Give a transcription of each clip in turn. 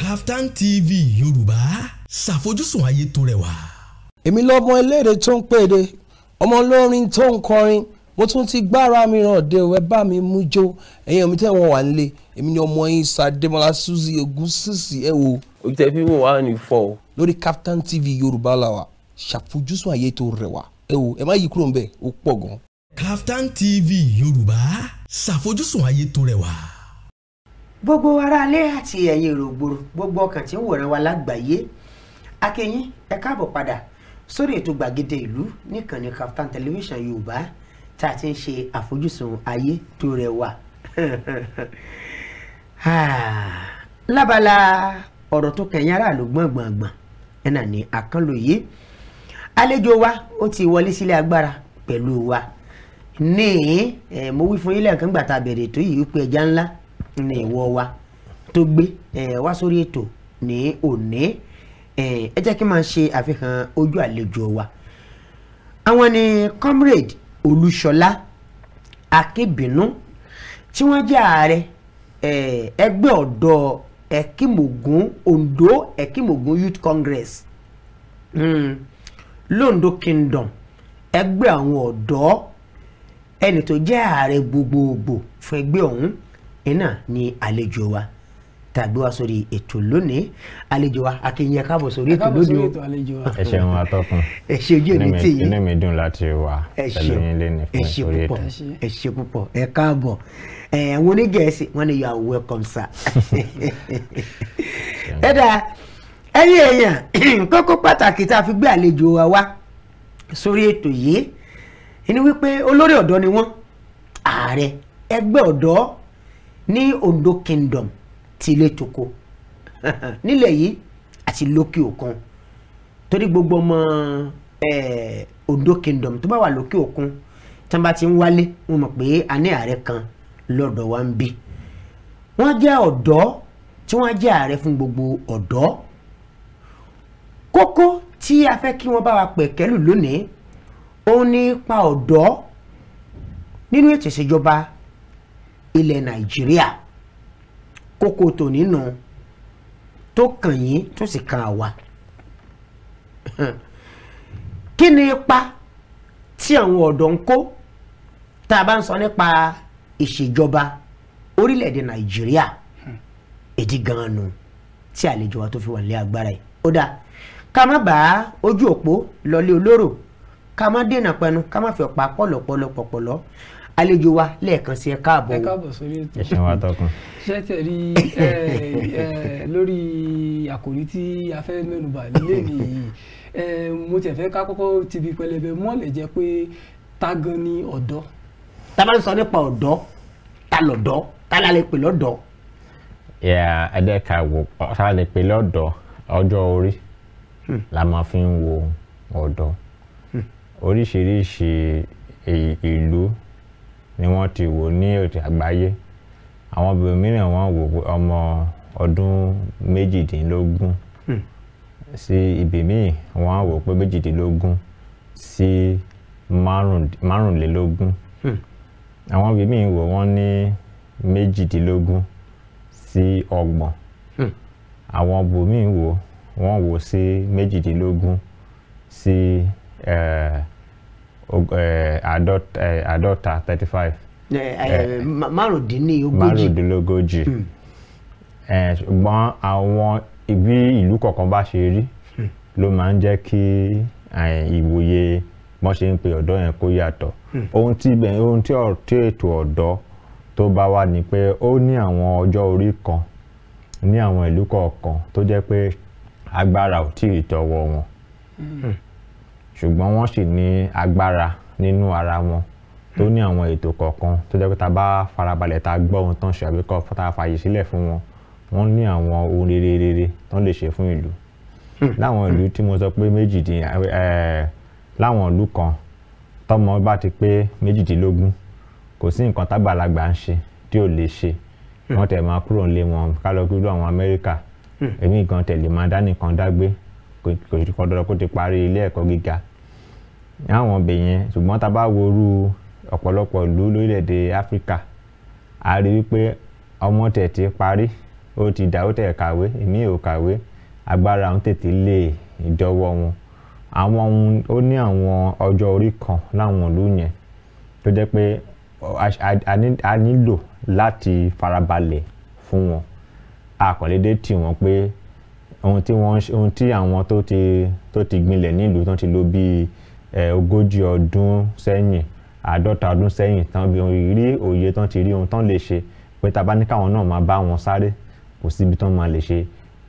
Kaftan TV Yorùbá ṣàfojúsùn ayé tó rẹwà. èmi lọ́mọ eléèrè tó ń pèdè ọmọ olórin tó ń kọrin mo tún ti gbára mi ràn dé òwe bá mi mú jó ẹ̀yin omi tẹ́ wọ́n wà ń lé èmi ni ọmọ yín Sàdémọ́lá Suzy Ògúnsìsì ẹ wo. ojú ẹ fi wò wá ní fọ lórí Kaftan TV Yorùbá la wà ṣàfojúsùn ayé tó rẹwà ẹ wo ẹ má yí kúrò ń bẹ ó pọ̀ gan. Kaftan TV Yorùbá ṣàfojúsùn ayé tó rẹwà gbogbo aráalé àti ẹ̀yin èrògbòrò gbogbo ọkàn tí ń wòran wa lágbàáyé a kí yín ẹ káàbọ̀ padà sórí ètò gbàgede ìlú níkànnì Kaftan television yorùbá tá a ti ń ṣe àfojúsùn ayé tó rẹwà ah, lábala ọ̀rọ̀ tó kẹ̀yìn aráàlú gbọ̀ngbọ̀ngbọ̀n ẹ̀ ni àkànlòyé àlejò wa ó ti wọlé sílé agbára pẹ̀lú wa ní ẹ̀ mo wí fún yín lẹ́ẹ̀kan gbà bẹ̀rẹ̀ ètò yìí pé ẹja ńlá ní ìwọ wa tó gbé wá sórí ètò ní òní ẹ jẹ́ kí n máa ṣe àfihàn ojú àlejò wa àwọn ni comrade olúṣọlá akébínú tí wọ́n jẹ́ ààrẹ ẹgbẹ́ ọ̀dọ́ ẹ̀kímògún ondo ẹ̀kímògún youth congress mm. londo kingdom ẹgbẹ́ àwọn ọ̀dọ́ ẹni tó jẹ́ ààrẹ gbogbogbò fún ẹgbẹ́ ọ̀hún iná ni àlejò wa tàgbé wa sórí ètò lónìí àlejò wa akínyẹ káàbọ̀ sórí ètò lónìí o. ẹ ṣeun atọ́kùn ẹ ṣe ojú ẹni tí yín inú mi dùn láti wà pẹ̀lú yín lẹ́nu fún ìsòrí ètò. ẹ ṣe púpọ̀ ẹ káàbọ̀ ẹ wọn ní gẹ̀ẹ́sì wọn ni you are welcome sir. ẹ dáa ẹ̀yin èèyàn kókó pàtàkì tá a fi gbé àlejò wa wá sórí ètò yìí ni wípé olórí ọ̀dọ́ ni wọ́n ààrẹ ẹgbẹ́ ọ̀dọ́ ní Ondo Kingdom ti ilé toko nílẹ̀ yìí àti lókè òkun torí gbogbo ọmọ Ondo Kingdom tó bá wà lókè òkun tí wọ́n bá ti ń wálé wọ́n mọ̀ pé a ní ààrẹ kan lọ́dọ̀ wa ń bí wọ́n jẹ́ ọ̀dọ́ tí wọ́n jẹ́ ààrẹ fún gbogbo ọ̀dọ́ kókó tí a fẹ́ kí wọ́n bá wa pẹ̀kẹ́lù lónìí òun nípa ọ̀dọ́ nínú ètò ìṣèjọba ilẹ̀ nàìjíríà kókó tòní nù tó kàn yín tó sì kàn àwa kí ni ipa tí àwọn ọ̀dọ́ ń kó tá a bá ń sọ nípa ìṣèjọba orílẹ̀-èdè nàìjíríà èdè gan-an nù tí àlejò wa tó fi wọlé agbára yìí ó dáa ká má bàa ojú òpó lọlé olóró ká má dènà pẹnu ká má fi ọ̀pá pọ̀lọ̀pọ̀lọ̀ pọ̀pọ̀lọ̀ àlejò wa lẹ́ẹ̀kan sí ẹ káàbọ̀. ẹ káàbọ̀ sórí ètò ẹ̀sìn wa tọkàn. ṣé tẹ̀ rí lórí àkòrí tí a fẹ́ mẹ́nubà nílé nìyí mo tẹ̀ fẹ́ ká kọ́kọ́ ti fi pẹlẹbẹ mọ́lẹ̀ jẹ́ pé ta gan ni ọ̀dọ́. tá sọ nípa ọ̀dọ́ ta lọ̀dọ́ ta la lè pè lọ́dọ́. ẹ̀ẹ́dẹ́ka wò ta lè pè lọ́dọ́ ọjọ́ orí hmm. la máa fi ń wo ọ̀dọ́ hmm. oríṣiríṣi ìlú. E, ni wọ́n ti wò ní òtí àgbáyé àwọn obìnrin wọ́n wò ọmọ ọdún méjìdínlógún hmm. sí ibì míì wọ́n wò pé méjìdínlógún sí márùnlélógún hmm. àwọn ibì míì wò wọ́n ní méjìdínlógún sí ọgbọ̀n hmm. àwọn ibòmíì wò wọ́n wò sí méjìdínlógún sí ẹ̀ẹ́. Eh, àádọ́ta eh, thirty five. Eh, eh, márùndínlógójì. márùndínlógójì hmm. ṣùgbọ́n àwọn bí ìlú kọ̀ọ̀kan bá ṣe rí hmm. ló máa ń jẹ́ kí ìwòye wọ́n ṣe ń pe ọ̀dọ́ yẹn kó yàtọ̀ hmm. ohun tí ohun tí ètò ọ̀dọ́ tó bá wà ní pé ó ní àwọn ọjọ́ orí kan ní àwọn ìlú kọ̀ọ̀kan tó jẹ́ pé agbára ò tí ì tọwọ́ wọn ṣùgbọ́n wọ́n sì ní agbára nínú ara wọn tó ní àwọn ètò kọ̀ọ̀kan tó jẹ́ pé ta bá farabalẹ̀ ta gbọ́ ohun tán ṣe àbí kọ́ ta fàyè sílẹ̀ fún wọn wọ́n ní àwọn ohun rere rere tán lè ṣe fún ìlú hmm. láwọn ìlú tí mo sọ pé méjìdín láwọn ìlú kan tọ́mọ bá ti pé méjìdínlógún kò sí nǹkan tágbàlagbà ń ṣe tí ò lè ṣe hmm. wọ́n tẹ̀ máa kúrò nílé wọn ká àwọn Amẹ́ríkà hmm. èmi gan tẹ̀lé máa dá nìkan dágbé kò ju kan dandan kó ti parí ilé ẹ̀kọ́ gíga àwọn ọbẹ̀ yẹn ṣùgbọ́n tá a bá wo ọ̀pọ̀lọpọ̀ ìlú lórílẹ̀‐èdè áfíríkà a rí wípé ọmọ tẹ̀ parí ó ti dà tẹ̀ kàwé èmi ò kàwé agbára ń tètè lé ìdọ́wọ́ wọn àwọn ohun ó ní àwọn ọjọ́ orí kan láwọn ìlú yẹn tó jẹ́ pé a nílò láti farabalẹ̀ fún wọn a tì wọ́n pé ohun tí wọ́n ohun tí àwọn tó ti tó ti gbinlẹ̀ nílùú tó ti lò bíi ogójì ọdún sẹ́yìn àádọ́ta ọdún sẹ́yìn tán bí rí òye tán ti rí ohun tán lè ṣe pé tá a bá ní káwọn náà máa bá wọn sáré kò síbi tán máa lè ṣe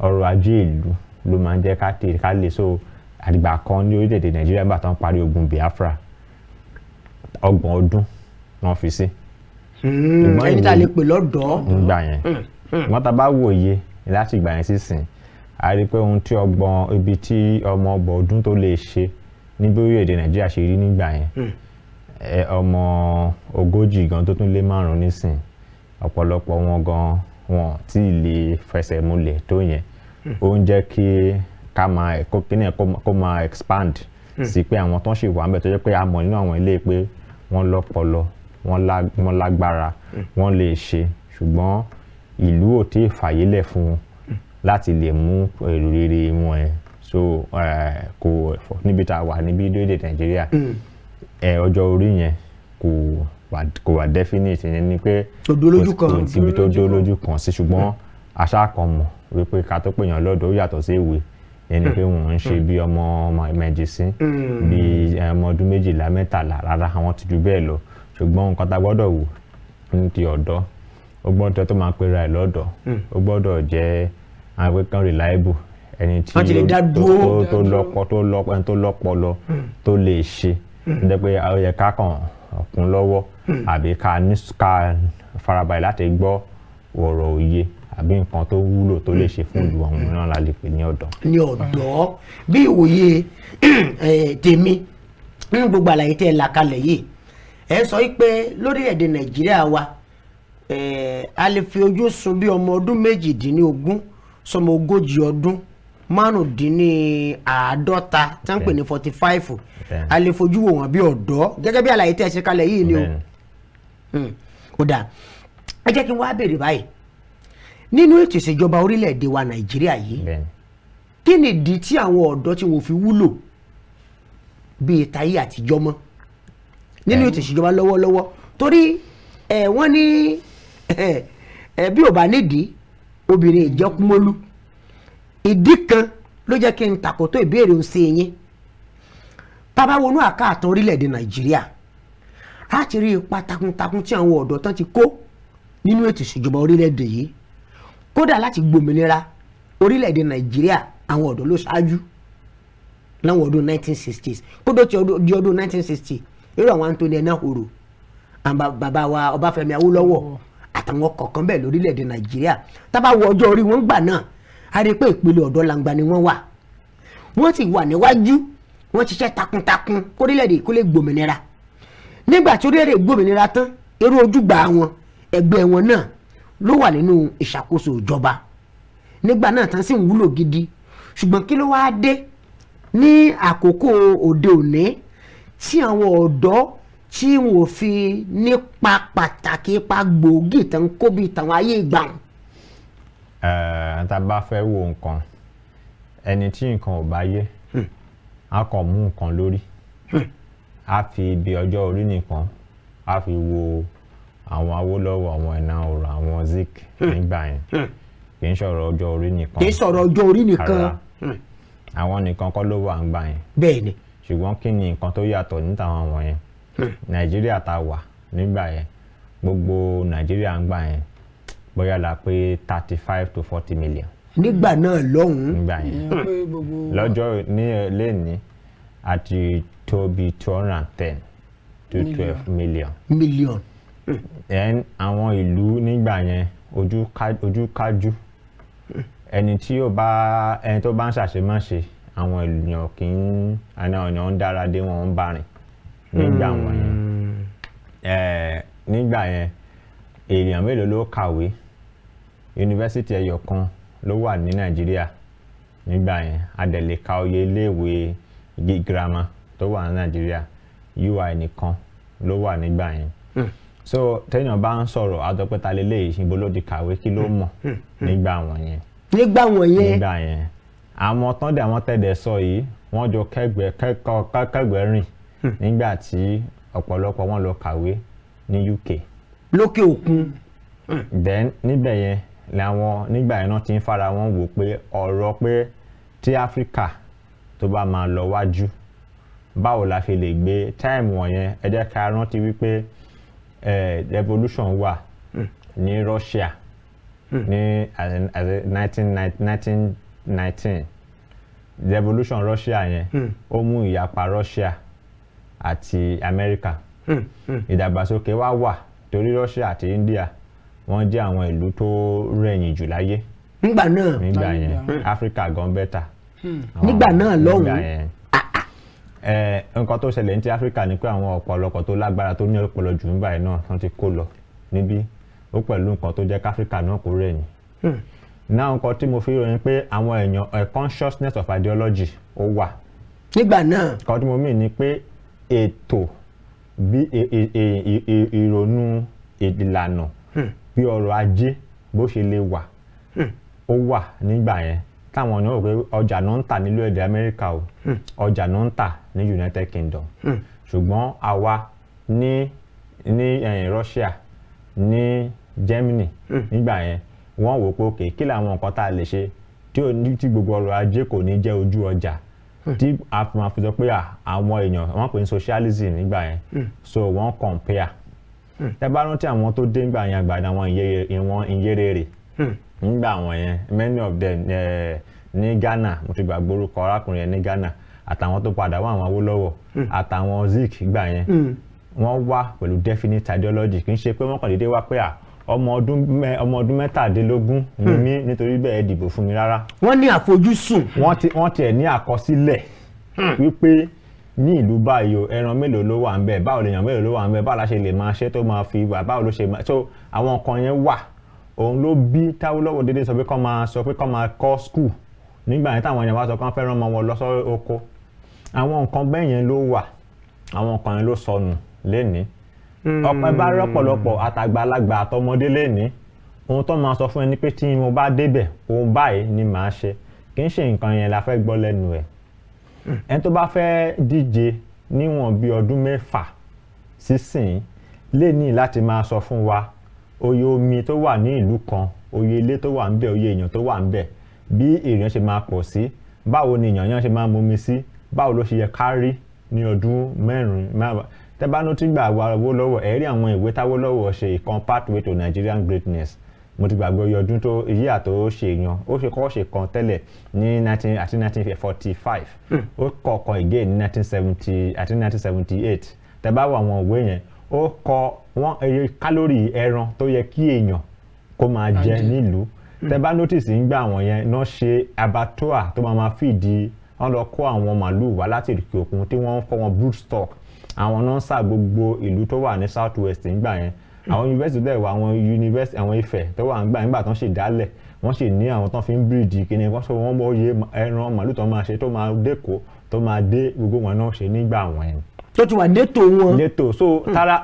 ọrọ̀ ajé ìlú ló máa ń jẹ́ ká tèrè ká lè so àdìgbà kan ní orílẹ̀-èdè Nàìjíríà nígbà tán parí ogun Biafra ọgbọ̀n ọdún wọ́n fi sí. Hmm, ẹni tá a lè pè lọ́dọ̀ọ́. nígbà yẹn wọ́n tá a bá wòye láti ìgbà yẹn sísìn a rí i pé ohun tí ọgbọ́n ibi tí ọmọ ọgbọ̀n ọdún tó lè ṣe ní bí orílẹ̀-èdè nàìjíríà ṣe rí nígbà yẹn hmm. ọmọ ogójì gan tó tún lé márùn-ún nísìn ọ̀pọ̀lọpọ̀ wọn gan wọn tí ì lè fẹsẹ̀ múlẹ̀ tó yẹn hmm. ó ń jẹ́ kí ká máa ẹ̀kọ́ kí kó máa expand hmm. sí pé àwọn tó ń ṣèwà ń bẹ̀ tó jẹ́ pé a mọ̀ nínú àwọn ilé pé wọ́n lọ́pọlọ wọ́n lágbára wọ́n lè ṣe ṣùgbọ́n ìlú ò tí ì fàyè lẹ̀ fún wọn láti lè mú èrò rere wọn ẹ̀ so eh, kò níbi tá a wà níbi dédé nàìjíríà hmm. eh, ọjọ́ orí yẹn kò kò wà definite yẹn ni pé kò tí ibi tó dó lójú kan sí ṣùgbọ́n aṣá kan mọ̀ wípé ká tó pèèyàn lọ́dọ̀ ó yàtọ̀ sí ìwé yẹn ni pé hmm. wọ́n ń ṣe hmm. bí ọmọ mẹjìsín bí eh, ọmọ ọdún méjìlá mẹ́tàlá rárá àwọn ti ju bẹ́ẹ̀ lọ ṣùgbọ́n nǹkan tá a gbọ́dọ̀ wò ní ti ọ̀dọ́ ó gbọ́dọ̀ tó máa pera ẹ̀ lọ́dọ̀ ó gbọ́dọ̀ jẹ́ àwọn kan reliable ẹni tí tó lọ́pọ̀ tó lọ́pọ̀ ẹni tó lọ́pọ̀ lọ hmm. tó lè ṣe ẹ hmm. jẹ́ pé ó yẹ ká kàn kún lọ́wọ́ hmm. àbí ká farabalẹ̀ láti gbọ́ ọ̀rọ̀ òye àbí nǹkan tó wúlò tó lè ṣe fún ìlú àwọn mìíràn la lè pè ní ọ̀dọ́. ní ọ̀dọ́ bí ìwòye eh, tèmi ní gbogbo àlàyé tẹ́ ẹ là kalẹ̀ yìí ẹ sọ pé lórílẹ̀‐èdè nàìjíríà wa eh, a lè fi ojú sun bí ọmọ ọdún méjìdínlógún sọmọ ogójì ọdún márùndínláàádọ́ta tí wọ́n ń pè ní forty five a lè fojú wò wọ́n bí ọ̀dọ́ gẹ́gẹ́ bí àlàyé tí ẹ ṣe kalẹ̀ yìí ni o hmm. ó dà ẹ jẹ́ kí n wá béèrè báyìí nínú ètò ìṣèjọba orílẹ̀-èdè wa nàìjíríà yìí kí ni ìdí tí àwọn ọ̀dọ́ tí wọ́n fi wúlò bíi tayé àtijọ́ mọ́ nínú ètò ìṣèjọba lọ́wọ́lọ́wọ́ torí wọ́n ní bí ò bá nídìí obìnrin ìjẹkúmólú ìdí kan ló jẹ́ kí n tàkótó ìbéèrè ń ṣe yín bàbá wọnú àkáàtọ̀ orílẹ̀-èdè nàìjíríà a ti rí ipa takuntakun tí àwọn ọ̀dọ́ tán ti kó nínú ètò ìṣèjọba orílẹ̀-èdè yìí kódà láti gbòmìnira orílẹ̀-èdè nàìjíríà àwọn ọ̀dọ́ ló ṣáájú láwọn ọdún 1960s kódà di ọdún 1960 irú àwọn Anthony Enahoro bàbá wa Ọbáfẹ́mi Awólọ́wọ̀. Oh àtàwọn kọ̀ọ̀kan bẹ́ẹ̀ lórílẹ̀‐èdè nàìjíríà tábà wo ọjọ́ orí wọn gbà náà a rí i pé ìpele ọ̀dọ́ langba ni wọ́n wà wọ́n ti wà níwájú wọ́n ṣiṣẹ́ takuntakun kórílẹ̀‐èdè kó lè gbòmìnira nígbà tí orílẹ̀‐èdè gbòmìnira tán eré ojúgbà wọn ẹgbẹ́ wọn náà ló wà nínú ìṣàkóso ìjọba nígbà náà tán sì ń wúlò gidi ṣùgbọ́n kí ló wáá dé ní àkókò òde òní tí àwọn ọ̀dọ́ tí wọn ò fi nípa pàtàkì ipa gbòógì tó ń kó bí tàwọn ayé ìgbà wọn. ẹ tá a bá fẹ́ wo nǹkan ẹni tí nǹkan ò bá yé hmm. a kàn mú nǹkan lórí hmm. a fi ibi ọjọ́ orí nìkan a fi wo àwọn Awólọ́wọ̀ àwọn Ẹ̀nàọ̀rọ̀ àwọn Zik hmm. nígbà yẹn kì í sọ̀rọ̀ ọjọ́ orí nìkan. kì í sọ̀rọ̀ ọjọ́ orí nìkan. àwọn nìkan kọ́ ló wà ń gbà yẹn. bẹ́ẹ̀ ni. ṣùgbọ́n kí ni nǹkan tó yàtọ̀ ní àwọn yẹn nàìjíríà tá a wà nígbà yẹn gbogbo nàìjíríà ń gbà yẹn bóyá la pé thirty five to forty million. nígbà náà lọ́hùn-ún. nígbà yẹn lọ́jọ́ ní lẹ́ni àti tó two hundred and ten to twelve million. million. then àwọn ìlú nígbà yẹn ojú kájú ẹni tí yóò bá ẹni tó bá ń ṣàṣemáṣe àwọn ènìyàn kì í àwọn ènìyàn ń dára dé wọn ń bá rìn nígbà hmm. wọ̀nyẹn nígbà yẹn èèyàn mélòó ló kàwé yunifásitì ẹyọ kan ló wà ní nàìjíríà nígbà yẹn adẹ̀lẹ̀ka oyè iléèwé girama tó wà ní nàìjíríà ui nìkan ló wà nígbà yẹn hmm. so téèyàn bá ń sọ̀rọ̀ àtọ́pẹ́ta lélẹ́yìí ibo ló ti kàwé kí ló mọ̀ hmm. nígbà wọ̀nyẹn. nígbà wọ̀nyẹn. nígbà yẹn àwọn tọ́ndẹ̀ àwọn tẹ̀dẹ̀ sọ yìí wọ́n jọ kẹ́gbẹ́ kẹ́kọ̀ọ́ kẹ́gbẹ́ rìn nígbà tí ọ̀pọ̀lọpọ̀ wọn lọ kàwé ní UK. lókè òkun. then níbẹ̀ yẹn làwọn nígbà yẹn náà ti ń fara wọn wò pé ọ̀rọ̀ pé tí Áfíríkà tó bá máa lọ wájú báwo la fi lè gbé táìmù wọ̀nyẹn ẹ jẹ́ ká rántí wípé revolution wà ní Russia ní nineteen nineteen nineteen revolution Russia yẹn hmm. ó mú ìyapa Russia. Hmm àti America hmm, hmm. ìdàgbàsókè wa wà torí Russia àti India wọ́n jẹ́ àwọn ìlú tó rẹ̀yìn jù láyé. nígbà náà nígbà yẹn hmm. Áfíríkà gan bẹ́tà. nígbà náà lọ́hùn ah, ah. eh, nǹkan tó ṣẹlẹ̀ ní ti Áfíríkà ni pé àwọn ọ̀pọ̀lọpọ̀ tó lágbára tó ní ọpọlọ jù ń báyìí náà wọ́n ti kó lọ níbí ó pẹ̀lú nǹkan tó jẹ́ káfíríkà náà kó rẹ̀yìn. náà nǹkan tí mo fi ròyìn pé àwọn èèyàn a eh, consciousness of ideology ó wà. nígbà náà. nǹkan tí mo mì ni pé ètò bí ìrònú ìlànà hmm. bí ọrọ̀ ajé bó ṣe lè wà hmm. ó wà nígbà yẹn táwọn èèyàn rò pé ọjà náà ń tà nílùú èdè Amẹ́ríkà o hmm. ọjà náà ń tà ní United Kingdom ṣùgbọ́n àwa ní ní Russia ní Germany nígbà yẹn wọ́n wò pé òkè kí làwọn nǹkan tá a lè ṣe tí gbogbo ọrọ̀ ajé kò ní jẹ́ ojú ọjà tí a fi máa fi sọ pé àwọn èèyàn wọ́n pè ní socialism nígbà yẹn hmm. so wọ́n compare hmm. tẹ́ bá rántí àwọn tó dé nígbà yẹn àgbàdo àwọn ìwọn ìyérèrè hmm. nígbà àwọn yẹn many of them eh, ní Ghana mo ti gbàgbọ́ orúkọ arákùnrin yẹn ní Ghana àtàwọn tó padà wá àwọn Awólọ́wọ̀ àtàwọn Zik gbà yẹn wọ́n wá pẹ̀lú definite ideology kì í ṣe pé wọ́n kàn déédéé wá pé à ọmọ ọdún mẹ ọmọ ọdún mẹ́tàdínlógún ni hmm. mí nítorí bẹ́ẹ̀ dìbò fún mi rárá. wọ́n ní àfojúsùn. wọ́n ti wọ́n tiẹ̀ ní àkọsílẹ̀ hmm. wípé ní ìlú báyìí o ẹran mélòó ló wà ń bẹ báwo lèèyàn mélòó ló wà ń bẹ báwo la ṣe lè máa ṣe tó máa fi wà báwo ló ṣe máa so àwọn nǹkan yẹn wà òun ló bí táwọlọ́wọ́ dédé sọ pé kọ́ máa sọ pé kọ́ máa kọ́ skul nígbà yẹn táwọn èèyàn wá sọ pé wọ́n fẹ́ràn ọmọ wọn lọ sọ oko àwọn nǹkan bẹ́ẹ̀ yẹn ló wà àwọn nǹkan yẹn ló sọnù lénìí Hmm. ọ̀pẹ bá rí ọ̀pọ̀lọpọ̀ àtàgbàlagbà àtọmọdé lénìí ohun tó máa sọ fún ẹni pé tí mo bá débẹ̀ ohun báyìí ni màá ṣe kì í ṣe nǹkan yẹn la fẹ́ gbọ́ lẹ́nu ẹ̀ hmm. ẹni tó bá fẹ́ díje níwọ̀n bíi ọdún mẹ́fà sísìn lè ní láti máa sọ fún wa oye omi tó wà ní ìlú kan oye ilé tó wà ńbẹ̀ oye èèyàn tó wà ńbẹ̀ bí èèyàn ṣe máa pọ̀ sí báwo ni èèyàn yẹn ṣe máa mumi sí báwo ló ṣe yẹ ká rí ní ọdún mẹ́rin tẹ́ bá notí gbà àwọ̀ lọ́wọ́ ẹ̀rí àwọn ìwé táwó lọ́wọ́ ṣe ìkan pathway to Nigerian greatness mo ti gbàgbọ́ iye ọdún tó iye àtò ó ṣe yan ó ṣe kọ́ ṣe kan tẹ́lẹ̀ ní nineteen àti nineteen forty five hmm. ó kọ ọkàn again ní nineteen seventy àti nineteen seventy eight tẹ́ bá wo àwọn ìwé yẹn ó kọ wọn iye kálórì ẹran tó yẹ kí èèyàn kó máa jẹ nílùú hmm. tẹ́ bá notice ń gbà àwọn yẹn náà ṣe abattoir tó máa ma fìdí wọn lọ kó àwọn màlúù wá láti òkè òkun tí wọ́n ń kọ́ wọn stock àwọn náà ń sà gbogbo ìlú tó wà ní south west nígbà yẹn àwọn university dẹ̀ wà àwọn yunifásitì àwọn Ifẹ̀ tó wà nígbà nígbà tó ń ṣe dálẹ̀ wọ́n sì ní àwọn tó fi ń bíríìdì kíni wọ́n sọ wọ́n bọ́ yé ẹran màálù tó máa ṣe tó máa dẹ́kọ̀ọ́ tó máa dé gbogbo wọn náà ṣe nígbà wọn yẹn tó ti wà létò wọn. létò so tara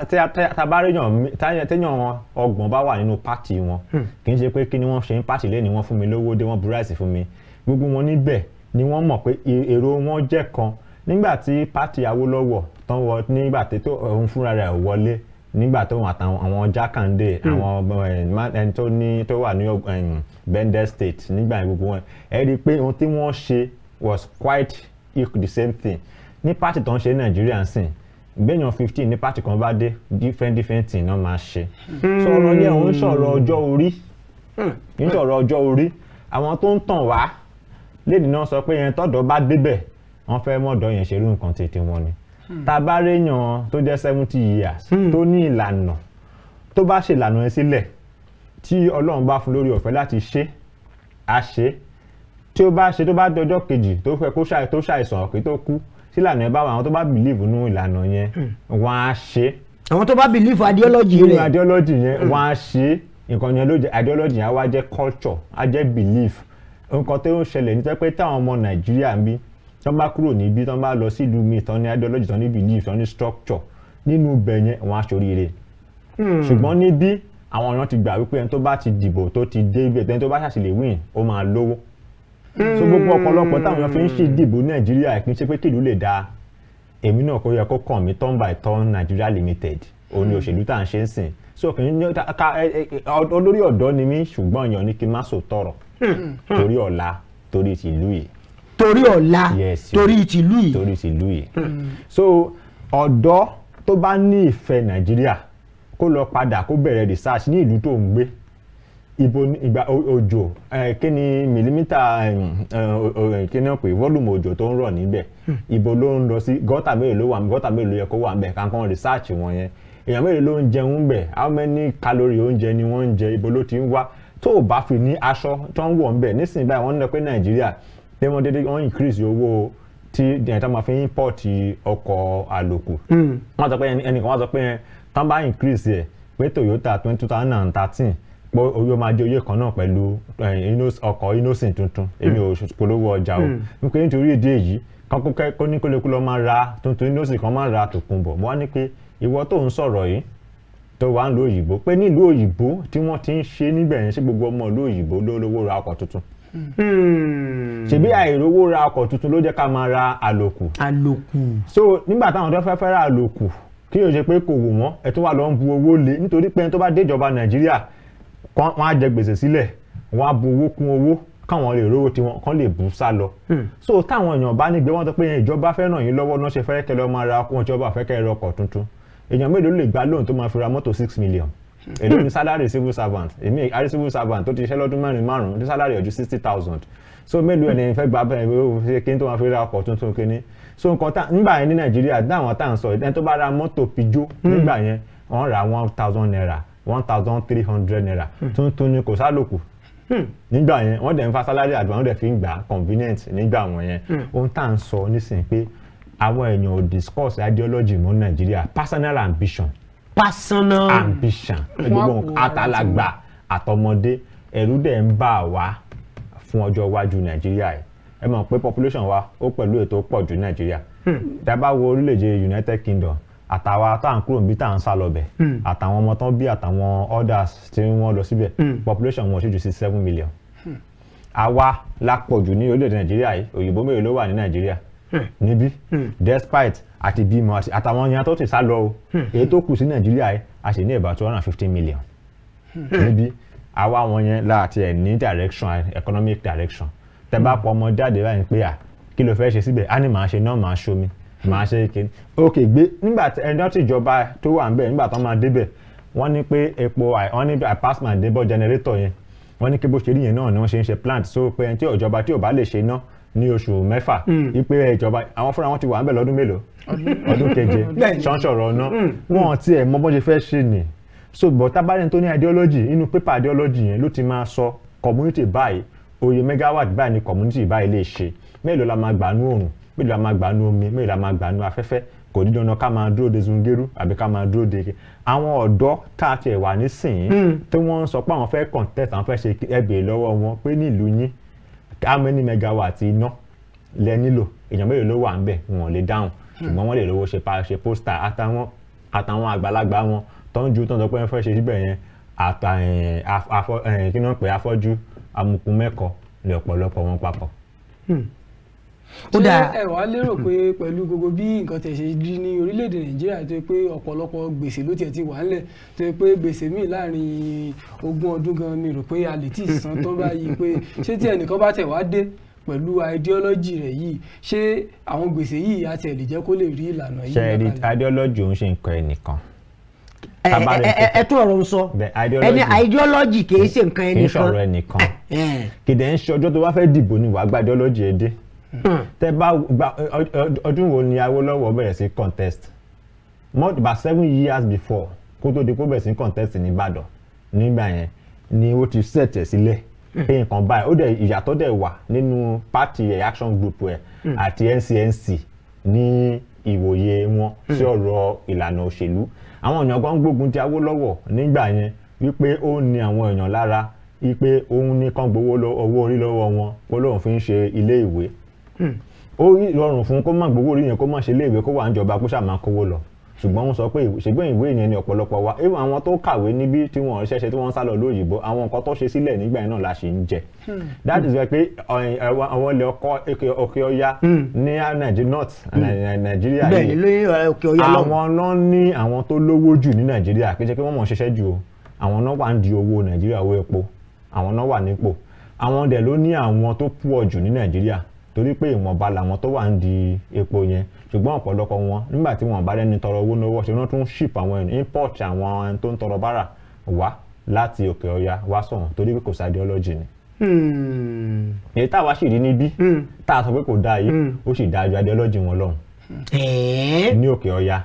tabaréyàn téèyàn ọgbọ̀n bá wà nínú pátì wọn hmm. kì í ṣe pé kí ni wọ́n ṣe ń pátì lẹ́ni wọ́n fún mi lówó dé wọ́n búráìsì fún mi gbogbo wọn níbẹ̀ ni wọ́n mọ̀ pé èrò wọn jẹ́ kan nígbà tí pátì Awólọ́wọ̀ tán wọ nígbà tó òun fúnra rẹ̀ wọlé nígbà tó wọn àtàwọn àwọn jákàndé hmm. àwọn eh, ẹni tó ní tó wà ní eh, Bendel State nígbà gbogbo wọn ẹ rí i pé ohun tí wọ́n ṣe was quite the same thing ní pátì tó ń ṣe Nàìjíríà ń sìn gbẹ̀yàn fifteen ní pátì kan bá dé different different thing náà máa ṣe. sọ ọ̀rọ̀ yẹn òun sọ̀rọ̀ ọjọ́ orí ń hmm. sọ̀rọ̀ ọjọ́ orí àwọn tó ń tàn wá lédi náà sọ pé yẹn tọ́dọ̀ bá débẹ̀ wọ́n fẹ́ mọ̀dọ̀ yẹn ṣerú nǹkan tètè wọn ni. Hmm. tá a bá réyàn tó jẹ́ seventy years hmm. tó ní ìlànà tó bá ṣe ìlànà yẹn sílẹ̀ tí ọlọ́run bá fún lórí ọ̀fẹ́ láti ṣe á ṣe tí ó bá ṣe tó bá dọjọ́ kejì tó fẹ́ kó ṣàìsàn ọ̀kẹ́ tó kú sílànà ẹ bá wà àwọn tó bá bìlíìfù nínú ìlànà yẹn hmm. wọ́n á ṣe. àwọn tó bá bìlíìfù ideology rẹ̀ nínú ideology yẹn wọ́n á ṣe nǹkan yẹn ló ideology yẹn á wá jẹ́ culture á jẹ́ belief nǹkan tó ń ṣẹlẹ̀ nítorí pé táwọn ọmọ nàìjíríà ń bí tí wọ́n bá kúrò níbí tí wọ́n bá lọ sí ìlú mi tán ní ideology tán ní belief tán ní structure nínú ibẹ̀ yẹn wọ́n á ṣoríire hmm. ṣùgbọ́n níbí àwọn èèyàn ti gbà wípé ẹni tó bá ti dìbò tó ti dé ibi ẹni tó bá ṣàṣì lè win ó máa lówó hmm. so gbogbo ọ̀pọ̀lọpọ̀ táwọn èèyàn fi ń ṣe ìdìbò Nàìjíríà kì í ṣe pé kìlú lè dáa èmi náà kò yẹ kó kàn mí turn by turn Nigeria Limited òun ni òṣèlú tá à ń ṣe ń sìn so kì í ní ká olórí ọ̀dọ́ ni mí ṣùgbọ́n èèyàn ní kí n má sòtọ̀rọ̀ hmm. torí ọ̀la torí tìlú yìí torí ọ̀la torí ìtìlú yìí. torí ìtìlú yìí hmm. so ọ̀dọ́ tó bá ní ìfẹ́ nàìjíríà kó lọ padà kó bẹ̀rẹ̀ research ní ìlú tó ń gbé ibo ìgbà òjò kí ni mìlímítà kí ni pé volume òjò tó ń rọ̀ níbẹ̀ hmm. ibo ló ń lọ sí gọ́tà mélòó ló wà gọ́tà mélòó yẹ kó wà ń kankan research wọn yẹn èèyàn mélòó ló ń jẹun bẹ̀ how many calorie oúnjẹ ni wọ́n ń jẹ ibo ló ti ń wá tó o bá fi ní aṣọ tó ń wọ̀ ń bẹ̀ nísìnyí báyìí wọ́n ń lọ pé nàìjíríà pé wọ́n dédé wọ́n increase owó tí ẹ̀ta máa fi import ọkọ̀ àlòkù hmm. wọ́n sọ pé ẹnìkan wọ́n sọ pé tán bá increase ẹ̀ pé Toyota twenty two thousand and thirteen pé oyè máa jẹ oyè kan náà pẹ̀lú ọkọ̀ Innocent tuntun hmm. èmi ò polówó ọjà o hmm. nípa nítorí ìdí èyí kọ́kọ́ kó ní kólékú máa ra tuntun Innocent kan máa ra tòkunbọ̀ wọ́n á ní pé ìwọ tó ń sọ̀rọ̀ yìí tó wà ń lo òyìnbó pé nílùú òyìnbó tí wọ́n ti ń ṣe níbẹ̀ yẹn ṣé gbogbo ọmọ ìlú òyìnbó lówó ra ọkọ̀ tuntun Hmm. ṣebí àìrówó ra ọkọ̀ tuntun ló jẹ́ ká máa ra àlòkù. àlòkù. so nígbà táwọn tó fẹ́ fẹ́ ra àlòkù kí yóò ṣe pé kò wò wọ́n ẹ̀ tó wà lọ́n bu owó lé nítorí pé ẹni tó bá déjọba nàìjíríà wọ́n á jẹ gbèsè sílẹ̀ wọ́n á bu owó kún owó káwọn lè rówó tiwọn kán lè bù sá lọ. Hmm. so táwọn èèyàn bá ní gbé wọn tó pé ìjọba fẹ́ ràn yín lọ́wọ́ náà ṣe fẹ́ kẹ́ lọ́ọ́ máa ra ọkọ̀ ìjọba fẹ́ kẹ́ rọ tuntun èèyàn mélòó lè gbá lóhùn tó máa fi ra mọ́tò six million èyí ni salary civil servant èmi àrí civil servant tó ti ṣiṣẹ́ lọ́dún mẹ́rin márùn-ún ní salary ọdún sixty thousand so mélòó ẹni fẹ́ gba abẹ́rẹ́ pé ó ṣe kí n tó máa fi ra ọkọ̀ tuntun kínní so nǹkan tá nígbà yẹn ní nàìjíríà dáwọn tá à ń sọ ẹni tó bá ra mọ́tò pijó hmm. nígbà yẹn wọ́n ra one thousand naira one thousand three hundred naira hmm. tuntun ni kò sálòkù hmm. nígbà yẹn wọ́n dẹ̀ ń fa salary advance wọ́n dẹ̀ fi ń gbà convenient nígbà wọ̀n yẹn ohun tá à ń sọ nísìnyí pé discuss ideology mọ́ personal ambition personal ambition gbogbo àtàlàgbà àtọmọdé ẹ̀rù dẹ̀ ń bà wá fún ọjọ́ iwájú nàìjíríà yìí ẹ mọ̀ pé population wa ó pẹ̀lú ètò pọ̀ ju nàìjíríà dábàá hmm. wo orílẹ̀-èdè united kingdom àtàwa tá à ń kúrò níbi tá à ń sá lọ bẹ̀ hmm. àtàwọn ọmọ tán bí àtàwọn others tí wọ́n lọ síbẹ̀ hmm. population wọn ò sì ju sí seven million àwa la pọ̀ jù ní orílẹ̀-èdè nàìjíríà yìí òyìnbó mélòó ló wà ní nàìjíríà Hmm. níbí hmm. despite àti bímọ àtàwọn èèyàn tó ti sá lọ o hmm. èyí tó kù sí nàìjíríà yìí a sì ní about two hundred and fifty million níbí àwa wọn yẹn láti ẹ̀ ní direction economic direction tẹ bá pọ ọmọ jáde báyìí pé à kí ló fẹ́ ṣe síbẹ̀ á ní màá ṣe náà màá ṣomi màá ṣe kéde ok gbé nígbà tí ẹjọ́ tìjọba tó wà ń bẹ̀ nígbà tó máa débẹ̀ wọ́n ní pé epo wọ́n ní pass my debo generator yẹn wọ́n ní kí bó ṣe rí yẹn náà ni wọ́n ṣe ń ṣe plant so pé ẹni tí òjọba tí ò bá lè ṣe náà ní oṣù mẹ́fà ipe hmm. ìjọba àwọn fúnra wọn ti wà ń bẹ̀ lọ́dún mélòó ọdún keje ṣọ́nṣọ̀rọ̀ ọ̀nà hmm. wọn ti ẹ̀ mọ bó ṣe fẹ́ ṣe nì so bọ̀ tábàdàn tó ní ideology inú paper ideology yẹn ló ti máa sọ community báyìí oye megawatt báyìí ni community báyìí lè ṣe mélòó la máa gbà nú òrùn mélòó la máa gbà nú omi mélòó la máa gbà nú afẹ́fẹ́ kò ní dandan ká máa dúró de zungeru àbí ká máa dúró de àwọn ọ̀dọ́ tá a tiẹ̀ wà nísìnyí hmm. tí wọ́n ń sọ pé àwọn fẹ́ contest àwọn fẹ́ ṣe ẹgbẹ́ lọ́wọ́ wọn pé nílùú yín how many megawatts iná lẹ nílò èèyàn mélòó ló wà ń bẹ̀ wọn ò lè dáhùn hmm. ṣùgbọ́n wọ́n lè lówó ṣe pa ṣe pósítà àtàwọn àtàwọn àgbàlagbà wọn tó ń ju tó ń sọ pé wọ́n fẹ́ ṣe síbẹ̀ yẹn àtà eh, eh, kí ni wọ́n pè afọ́jú amukun mẹ́kọ̀ọ́ lè ọ̀pọ̀lọpọ̀ wọn papọ̀. Hmm ó dáa ṣé ẹ wàá lérò pé pẹ̀lú gbogbo bí nǹkan tẹ̀ ṣe rí ní orílẹ̀-èdè nàìjíríà tó pé ọ̀pọ̀lọpọ̀ gbèsè ló tiẹ̀ ti wà ńlẹ̀ tó pé gbèsè míì láàrin ogún ọdún gan mi rò pé a lè tí ì san tó báyìí pé ṣé tí ẹnìkan bá tẹ̀ wá dé pẹ̀lú ideology rẹ̀ yìí ṣé àwọn gbèsè yìí àti ẹ̀ lè jẹ́ kó lè rí ìlànà yìí. ṣe ideology òun ṣe nǹkan ẹnìkan ẹ tún ọ̀rọ̀ sọ ẹni ideology kì í ṣe nǹkan ẹnìkan kì í ṣọ̀rọ̀ ẹnìkan eh, eh. kì í dẹ̀ ń ṣe ọjọ́ tó bá fẹ́ dìbò ni wàá gba ideology ẹ dé tẹ bá ọdún wo ni Awólọ́wọ̀ bẹ̀rẹ̀ sí contest more about seven years before kó tó di kó bẹ̀rẹ̀ sí contest ní Ìbàdàn nígbà yẹn ni ó ti ṣẹ̀tẹ̀ sílẹ̀ pé hmm. nǹkan báyìí ó dẹ̀ ìyàtọ̀ dẹ̀ wà nínú party ẹ̀ action group ẹ̀ hmm. àti NCNC ní ìwòye wọn sí hmm. ọ̀rọ̀ ìlànà òṣèlú àwọn èèyàn kan gbógun ti Awólọ́wọ̀ nígbà yẹn wípé ó ní àwọn èèyàn lára wípé òun ní kán gbowó owó orí lọ́wọ́ wọn ó lóun fi ń ṣe ilé ìwé ó rọrùn fún kó má gbowó orí yẹn kó má ṣe iléèwé kó wà níjọba kó ṣáà kówó lọ ṣùgbọ́n wọ́n sọ pé ṣègbè ìwé yẹn ni ọ̀pọ̀lọpọ̀ wa even àwọn tó kàwé níbí tí wọ́n ṣẹ̀ṣẹ̀ tí wọ́n sá lọ lóyìnbó àwọn nǹkan tó ṣe sílẹ̀ nígbà yẹn náà la ṣì ń jẹ. Hmm. that is why pé eh, àwọn ilẹ̀ òkè ọya hmm. ní Nàìjíríà north hmm. Nàìjíríà yìí eh, àwọn náà ní àwọn tó lówó jù ní Nàìjíríà kì í ṣe pé wọ́n mọ̀ ṣiṣẹ́ ju àwọn náà wà ń di owó Nàìjíríà owó epo àwọn náà wà nípò àwọn dẹ̀ ló ní àwọn tó pọ̀ jù ní Nàìjíríà torí pé ìwọ̀nba làwọn tó wà ń di epo yẹn ṣùgbọ́n ọ̀pọ̀lọpọ̀ wọn nígbà tí wọ́n bá rẹ́ni tọrọ owó lọ́wọ́ ṣe wọ́n tún ship àwọn import àwọn ẹni tó ń tọrọ bára wá láti òkè ọya wá sọ̀hún torí pé kò sí ideology ni hmm. èyí táwa sì rí níbí hmm. tá a sọ pé kò dáa yìí hmm. ó sì dáa ju ideology wọn lọ́hùn ní òkè ọya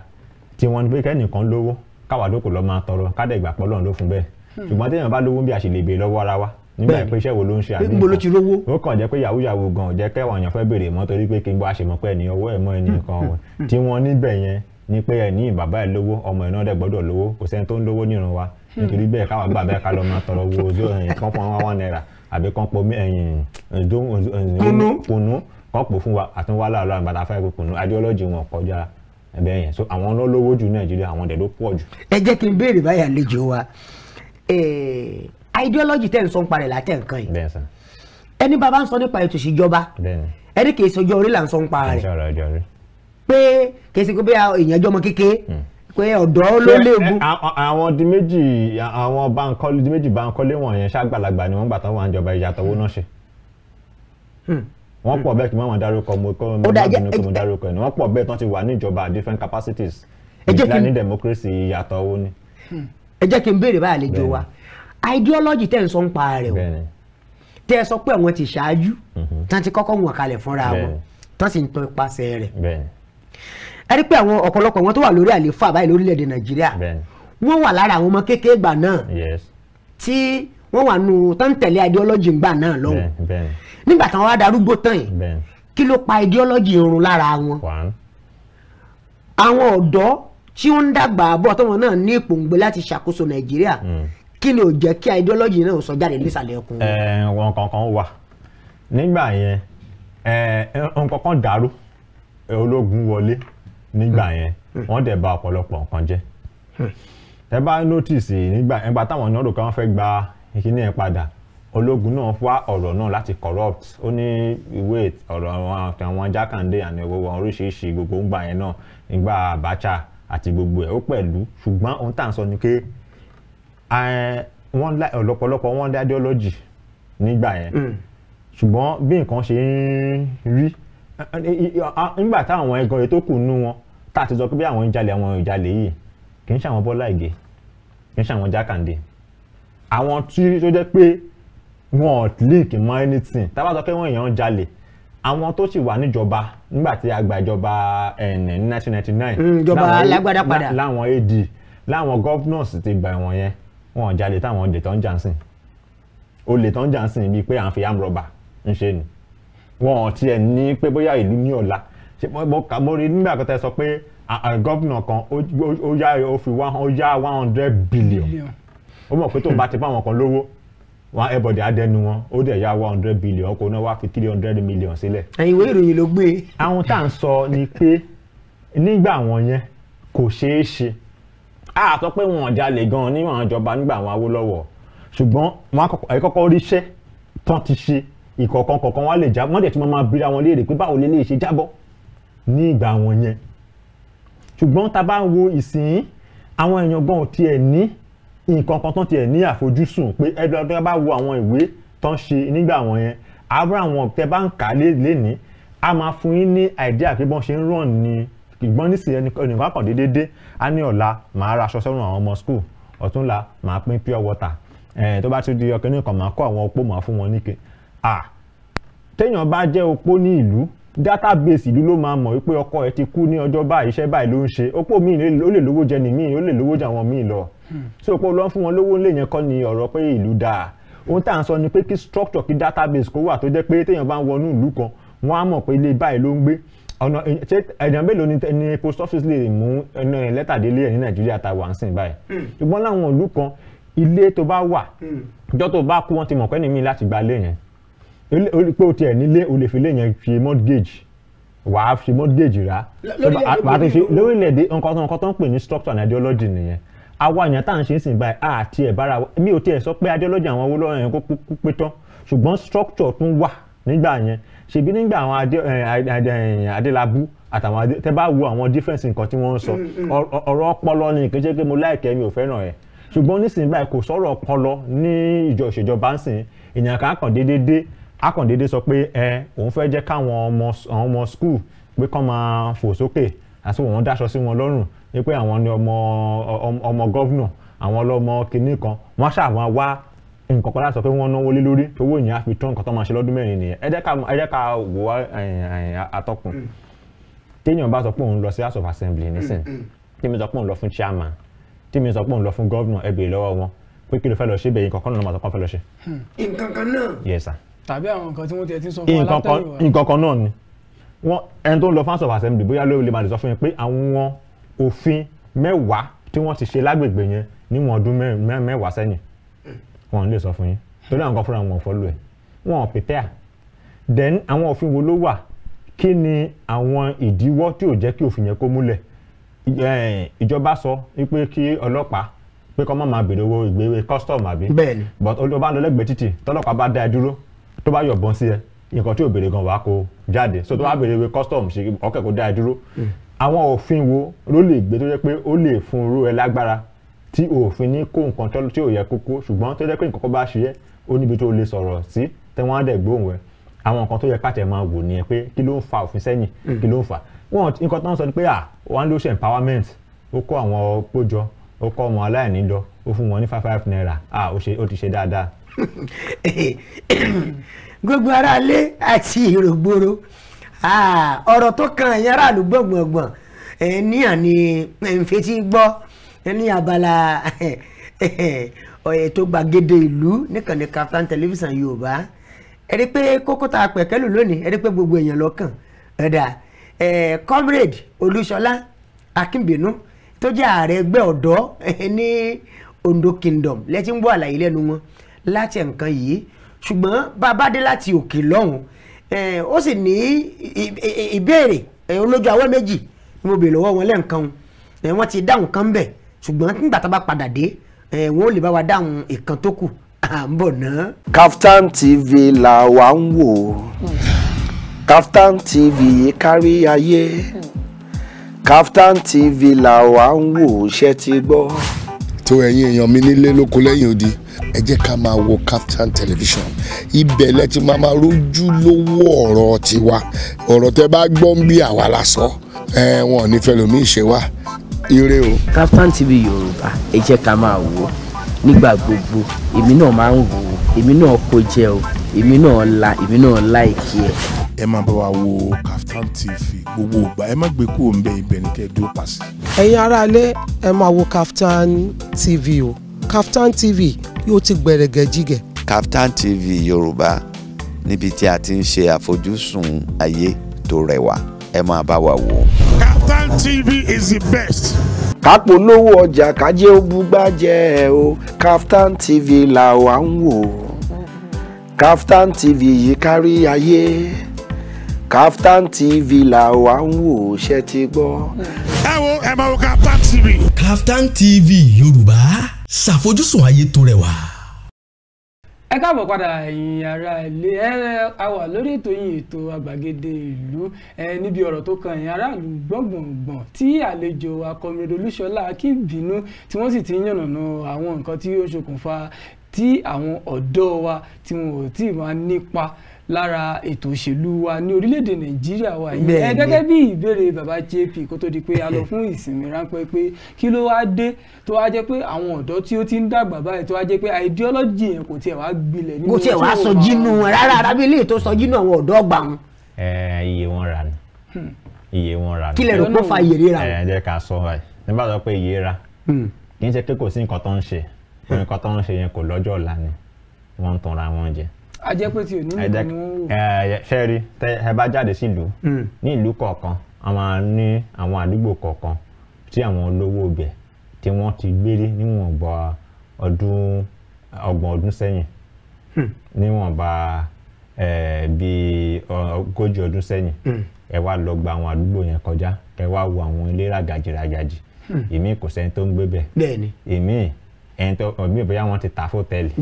tí wọ́n ní pé kẹ́nìkan lówó káwa lóko lọ́ọ́ máa tọrọ kádẹ́gbàpọ̀ lọ́run ló fún bẹ́ẹ̀ ṣùgbọ́n téèyàn nígbà pé iṣẹ́ wo ló ń ṣe àbí nǹkan ó kàn jẹ́ pé yahoo yahoo gan jẹ́ kẹ́wọ̀n èèyàn fẹ́ béèrè mọ́ torí pé kí gbọ́ àṣemọ́pẹ́ ní ọwọ́ ẹ̀ mọ́ ẹni nǹkan tí wọ́n níbẹ̀ yẹn ni pé ẹni bàbá ẹ lówó ọmọ ẹ náà dẹ gbọ́dọ̀ lówó kò sẹ́ni tó ń lówó nírun wa hmm. nítorí bẹ́ẹ̀ káwa gbà bẹ́ẹ̀ ká lọ máa tọrọ owó ojú ẹyìn kan pọn wá wọn náírà àbí kan pọ kùnú kan pò fún so àwọn ló lówó jù Nàìjíríà àwọn dẹ̀ ló pọ̀ jù. ẹ jẹ́ kí ideology tẹ́ ń sọ ń parẹ̀ látẹ̀ nǹkan yìí ẹni bàbá ń sọ nípa ètò ìṣèjọba ẹni kì í sọjọ́ orí là ń sọ ń pa rẹ̀ pé kì í ṣe pé èèyàn jọmọ kékeré hmm. pé ọ̀dọ́ ló léegun. àwọn di méjì àwọn bankole di méjì bankole wọ̀nyẹn ṣàgbàlagbà ni wọ́n gbà tán wà ń jọba ìyàtọ̀ owó náà ṣe. Hmm. wọ́n pọ̀ bẹ́ẹ̀ kí wọ́n máa dárúkọ mo kọ́ mi máa bínú kí mo dárúkọ ẹ̀ ni wọ́n pọ̀ bẹ́ẹ̀ tán ti wà ní ìjọba at different capacities ìjìlá ní democracy ìyàtọ̀ owó ni. Hmm. ẹ jẹ́ kí n béèrè báyà lè jọ wa. Bẹ́ẹ̀ni ideology tẹ̀ ń sọ ń pa rẹ̀ o tẹ́ ẹ sọ pé àwọn ti ṣáájú mhm. tán ti kọ́kọ́ wọn kalẹ̀ fúnra wọn tán sì ń tọ́ ipasẹ̀ rẹ̀ ẹ rí pé àwọn ọ̀pọ̀lọpọ̀ wọn tó wà lórí àlééfà báyìí lórílẹ̀‐èdè nàìjíríà wọ́n wà lára àwọn ọmọ kékeré náà tí wọ́n wà nù tán tẹ̀lé ideology gbà náà lọ́hùn nígbà táwọn wá darúgbó tán yìí kí ló pa ideology irun lára wọn àwọn ọ̀dọ́ tí wọ́n ń dàgbà bọ̀ tọ́wọn náà ní ìpòǹgbẹ láti ṣàkóso nàìjíríà mm kí ni ò jẹ́ kí ideology náà sọ jáde nísàlẹ̀ ẹkùn. ẹ wọn kankan wà nígbà yẹn ẹ nǹkan kan dàrú ológun wọlé nígbà hmm. yẹn hmm. wọ́n dẹ̀ bà ọ̀pọ̀lọpọ̀ nǹkan jẹ́ hmm. ẹ bá notice nígbà ẹgbà táwọn èèyàn rò fẹ́ gba ìkíní ẹ̀ padà ológun náà wá ọ̀rọ̀ náà láti corrupt ó ní ìwé ọ̀rọ̀ àwọn Jákàndé àná ìwọ̀wọ̀ oríṣiríṣi gbogbo ńgbà yẹn náà nígbà Abacha àti gbogbo ẹ̀ ó pẹ̀lú ṣùgbọ́n ohun tá à ń sọ ni pé wọ́n ọ̀lọ́pọ̀lọpọ̀ wọ́n dá ideology nígbà yẹn mm. ṣùgbọ́n bí nǹkan ṣe ń rí nígbà táwọn ẹ̀gàn ètò kù nú wọn tá a ti sọ pé bí àwọn ń jalè àwọn ìjalè yìí kì í ṣàwọn Bọ́lá Ìgè kì í ṣàwọn Jákàndé àwọn tí tó jẹ́ pé wọn ò líìkì mọ́ anything tá a bá sọ pé wọ́n èèyàn ń jalè àwọn tó sì wà níjọba nígbà tí a gba ìjọba ẹ̀ẹ́nì ní 1999 ìjọba alágbádá padà láwọn AD láwọn governors ti gbà wọ̀nyẹn wọn ò jalè táwọn olè tó ń jàǹsìn olè tó ń jàǹsìn bíi pé à ń fi amrọ̀bà ń ṣe ni wọn ò tiẹ̀ ní pé bóyá ìlú ní ọ̀la mo rí nígbà kan tẹ sọ pé gọ́vnà kan ó yá ó fi ó yá one hundred billion ó mọ̀ pé tó bá ti bá wọn kan lówó wọn ẹbọdẹ adẹnu wọn ó dẹ̀ yá one hundred billion ọkọ̀ náà wá fi three hundred million sílẹ̀. ẹ̀yin ìwé ìròyìn ló gbé. àwọn tá à ń sọ ni pé nígbà wọn yẹn kò ṣeé ṣe a sọ pé wọn ò jalè gan-an níwọ̀n àwọn ìjọba nígbà àwọn Awólọ́wọ̀ ṣùgbọ́n wọn àkọ́kọ́ ríṣẹ́ tán ti ṣe ìkọ̀ọ̀kan kọ̀ọ̀kan wọn lè jábọ́ wọ́n dẹ̀ tún máa bíra wọn léèrè pé báwo lè lè ṣe jábọ́ ní ìgbà wọn yẹn ṣùgbọ́n tá a bá ń wo ìsìn àwọn èèyàn gan ò tiẹ̀ ní nǹkan kan tán tiẹ̀ ní àfojúsùn pé ẹgbẹ́ tó bá wo àwọn ìwé tán ṣe nígbà wọn yẹn àbúrò àwọn tẹ bá ń kà lé lẹ́ni a máa fún yín ní àìdíà pé bọ́n ṣe ń ràn ní ìgbọ́n nísìnyẹn ẹnìkan kàn déédéé dé á ní ọ̀la màá raṣọ sọ́run àwọn ọmọ school ọ̀túnla màá pín pure water tó bá ti di ọkẹ́ nìkan màá kó àwọn opó màá fún wọn níke ah téèyàn bá jẹ́ opó ní ìlú database ìlú ló máa mọ̀ wípé ọkọ ẹ ti kú ní ọjọ́ báyìí iṣẹ́ báyìí ló ń ṣe opó míì ó lè lówó jẹ ní míì ó lè lówó jẹ àwọn míì lọ hmm. so opó ló ń fún wọn lówó ńlẹ̀ yẹn kọ́ ni ọ̀rọ̀ pé ìlú dáa ohun tá à ń sọ ni pé kí structure kí database kó wà tó jẹ́ pé téèyàn bá ń wọnú ìlú kan wọ́n á mọ̀ pé ilé báyìí ló ń gbé ọ̀nà ṣé ẹ̀yàn mélòó ni post office lè mú lẹ́tà délé ẹ̀ ní nàìjíríà tá a wà ń sìn báyìí hmm. ṣùgbọ́n láwọn ìlú kan ilé tó bá wà hmm. ìjọ́ tó bá kú wọ́n ti mọ̀ pé ní mi láti gba ilé yẹn pé o tiẹ̀ nílé o lè fi ilé yẹn fi mortgage wà á fi mortgage rà wà á ti fi lórílẹ̀‐èdè nǹkan tó ń pè ní structure and ideology nìyẹn àwa èèyàn tá à ń ṣe é sìn báyìí àti ẹ̀ bára mi ò tiẹ̀ sọ pé ideology àwọn owó lọ́rọ̀ yẹn kó pé tán ṣùgbọ́n structure tún wà nígbà yẹn ṣèbí nígbà àwọn eh, eh, adélábù àtàwọn tẹ bá wo àwọn difference nǹkan tí wọ́n ń sọ mm, mm. ọ̀rọ̀ ọpọlọ ni kì í ṣe pé mo láìkẹ́ mi ò fẹ́ràn ẹ̀ ṣùgbọ́n nísìnyí báyìí kò sọ̀rọ̀ ọpọlọ ní ìjọ ìṣèjọba ńsìn èèyàn kan kàn déédéé dé a kàn déédéé sọ pé ẹ òun fẹ́ jẹ́ káwọn ọmọ àwọn ọmọ school pé kán máa fò sókè àti wọ́n dáṣọ sí wọn lọ́rùn ní pé àwọn ni ọmọ ọmọ àwọn ọlọ́mọ kinní wọ́n ṣàwọn wá nǹkan kan láti sọ pé wọ́n náwó lé lórí owó yẹn á fi tán nǹkan tó máa ṣe lọ́dún mẹ́rin nìyẹn ẹ jẹ́ ká wò wá atọ́kùn mm. téèyàn bá sọ pé òun lọ sí house of assembly mm, nísìn mm. tèmi sọ pé òun lọ fún chairman tèmi sọ pé òun lọ fún governor ẹ béèrè lọ́wọ́ wọn pé kí ló fẹ́ lọ ṣe bẹ́ẹ̀ nǹkan kan náà máa sọ pé wọ́n fẹ́ lọ ṣe. Hmm. nǹkan kan náà. yes tàbí àwọn nǹkan tí wọ́n ti ẹ̀ ti sọ fún alátẹ̀yìnwá. nǹkan kan náà ni wọ́n ẹni tó ń lọ fún house of assembly bóyá ló lè máa wọn lè sọ fún yín torí àwọn kan fúnra wọn fọ́ lù ẹ̀ wọn ò pètẹ́à then àwọn òfin wo ló wà kí ni àwọn ìdíwọ́ tí ò jẹ́ kí òfin yẹn kó múlẹ̀ ìjọba sọ wípé kí ọlọ́pàá pé kọ́ máa bèrè owó ìgbéwé custom àbí bẹ́ẹ̀ni but olùdókòwò lọ lẹ́gbẹ̀ẹ́ títì tọ́lọ́pàá bá dá ẹ dúró tó bá yọ̀bọ̀n sí ẹ nǹkan tí ò bèrè gan wàá kó jáde so tó bá bèrè owó custom ṣe ọkẹ́ kó dá ẹ dúró hmm. àwọn òfin wo ló lè gbé tó jẹ́ pé ó lè fún irú ẹ lágbára tí òfin ní kó nǹkan tó tí ò yẹ kókó ṣùgbọ́n tó jẹ́ pé nǹkan kan bá ṣe é ó níbi tó lè sọ̀rọ̀ sí tẹ́wọ́n á dẹ̀ gbóhùn ẹ̀ àwọn nǹkan tó yẹ ká tẹ̀ máa wò nìyẹn pé kí ló ń fa òfin sẹ́yìn hmm. kí ló ń fa wọn nǹkan tó ń sọ ni pé à wọn ló ṣe empowerment ó kó àwọn pójọ ó kó ọmọ aláìní lọ ó fún wọn ní five five naira à ó ti ṣe dáadáa. gbogbo aráalé àti ìrògbòrò ọ̀rọ̀ tó kan ìyára àlùgbọ̀ngbọ̀ngbọ̀n ní àní nfetí gbọ́ ní abala ètò gbàgede ìlú níkànnì Kaftan television yorùbá ẹ rí pé kókó tá a pẹ̀kẹ́lù lónìí ẹ rí pé gbogbo èèyàn lọ́kàn ẹ̀dà comrade olúṣọlá akínbínú tó jẹ́ ààrẹ ẹgbẹ́ ọ̀dọ́ ní ondo kingdom lẹ́tí ń bọ́ àlàyé lẹ́nu wọn láti nǹkan yìí ṣùgbọ́n bàbá dé láti òkè lọ́hùn ó sì ní ìbéèrè olójú awẹ́ méjì ni mo béèrè lọ́wọ́ wọn lẹ́ǹkan wọn ti dáhùn kan bẹ́ẹ̀ ṣùgbọ́n nígbà tá a bá padà dé wọn ò lè bá wa dáhùn ìkan tó kù à ń bọ̀ ná. Kaftan TV la wa ń wò Kaftan TV kárí ayé Kaftan TV la wa ń wò ṣe ti gbọ́. tó ẹ̀yin èèyàn mi nílé lóko lẹ́yìn odi ẹ jẹ́ ká máa wo Captain television ibẹ̀ lẹ ti máa máa rójú lówó ọ̀rọ̀ tiwa ọ̀rọ̀ tẹ bá gbọ́ ń bí àwa la sọ ẹ wọn ò ní fẹ́ lómi ìṣe wa ire o. Kaftan TV Yorùbá ẹ jẹ́ ká máa wò ó nígbà gbogbo èmi náà máa ń wò ó èmi náà kó jẹ o èmi náà la èmi náà láìkí ẹ. ẹ máa bá wa wo Kaftan TV gbogbo ìgbà ẹ má gbé kúrò ń bẹ ibẹ̀ ní kẹ́ ẹ dúró pàṣẹ. ẹ̀yin aráalé ẹ máa wo Kaftan TV o Kaftan TV yóò ti gbẹ̀rẹ̀gẹ̀ jígẹ̀. Kaftan TV Yorùbá níbi tí a ti ń ṣe àfojúsùn ayé tó rẹwà ẹ máa bá wa wò ó. Kaftan TV is the best. ká polówó ọjà kájé ó búgbàjẹ́ o Kaftan TV là wà ń wò Kaftan TV yìí kárí ayé Kaftan TV là wà ń wò ṣe ti gbọ́. ẹ wo ẹ máa wo Kaftan TV. Kaftan TV Yorùbá ṣàfojúsùn ayé tó rẹwà ẹ káàbọ̀ padà ẹ̀yin ará ilé ẹ a wà lórí ètò yìí ètò àgbàgede ìlú ẹ níbi ọ̀rọ̀ tó kan ẹ̀yin aráàlú gbọ̀ngbọ̀ngbọ̀n tí àlejò wa Comrade Olúṣọlá Akínbínú tí wọ́n sì ti ń yànnàná àwọn nǹkan tí ó ṣokùnfà tí àwọn ọ̀dọ́ wa tí wọn ò tí ì máa nípa lára ètò òṣèlú wa ní orílẹ̀-èdè nàìjíríà wa yìí ẹ gẹ́gẹ́ bí ìbéèrè bàbá jp kó tó di pé a lọ fún ìsinmi ráńpẹ́ pé kí ló wá dé tó wá jẹ́ pé àwọn ọ̀dọ́ tí ó ti ń dàgbà báyìí tó wá jẹ́ pé ideology yẹn kò tiẹ̀ wá gbilẹ̀ nínú kò tiẹ̀ wá sọ jínú wọn rárá rábí ilé tó sọ jínú àwọn ọ̀dọ́ ọgbà wọn. ẹ iye wọn rà ní hmm. iye wọn rà ní. kí rò kó fa iye rírà wọn. ẹ jẹ́ ká sọ báyìí nígbà tó pé iye ra hmm. kì jẹ a jẹ́ pé ti òní nìkan ni wọ́n wò. ṣe rí tẹ ẹ bá jáde sílùú hmm. ní ìlú kọ̀ọ̀kan a máa ní àwọn àdúgbò kọ̀ọ̀kan tí àwọn olówó ibẹ̀ tí wọ́n ti gbélé níwọ̀nba ọdún ọgbọ̀n ọdún sẹ́yìn hmm. níwọ̀nba bíi ogójì ọdún sẹ́yìn hmm. ẹ wá lọ gba àwọn àdúgbò yẹn kọjá ẹ wá wo àwọn ilé ràgàjì ràgàjì èmi kò sẹ́ni tó ń gbé bẹ̀ èmi ẹni tó ọ̀gbìn bóyá wọ́n ti tà fótẹ́ẹ̀lì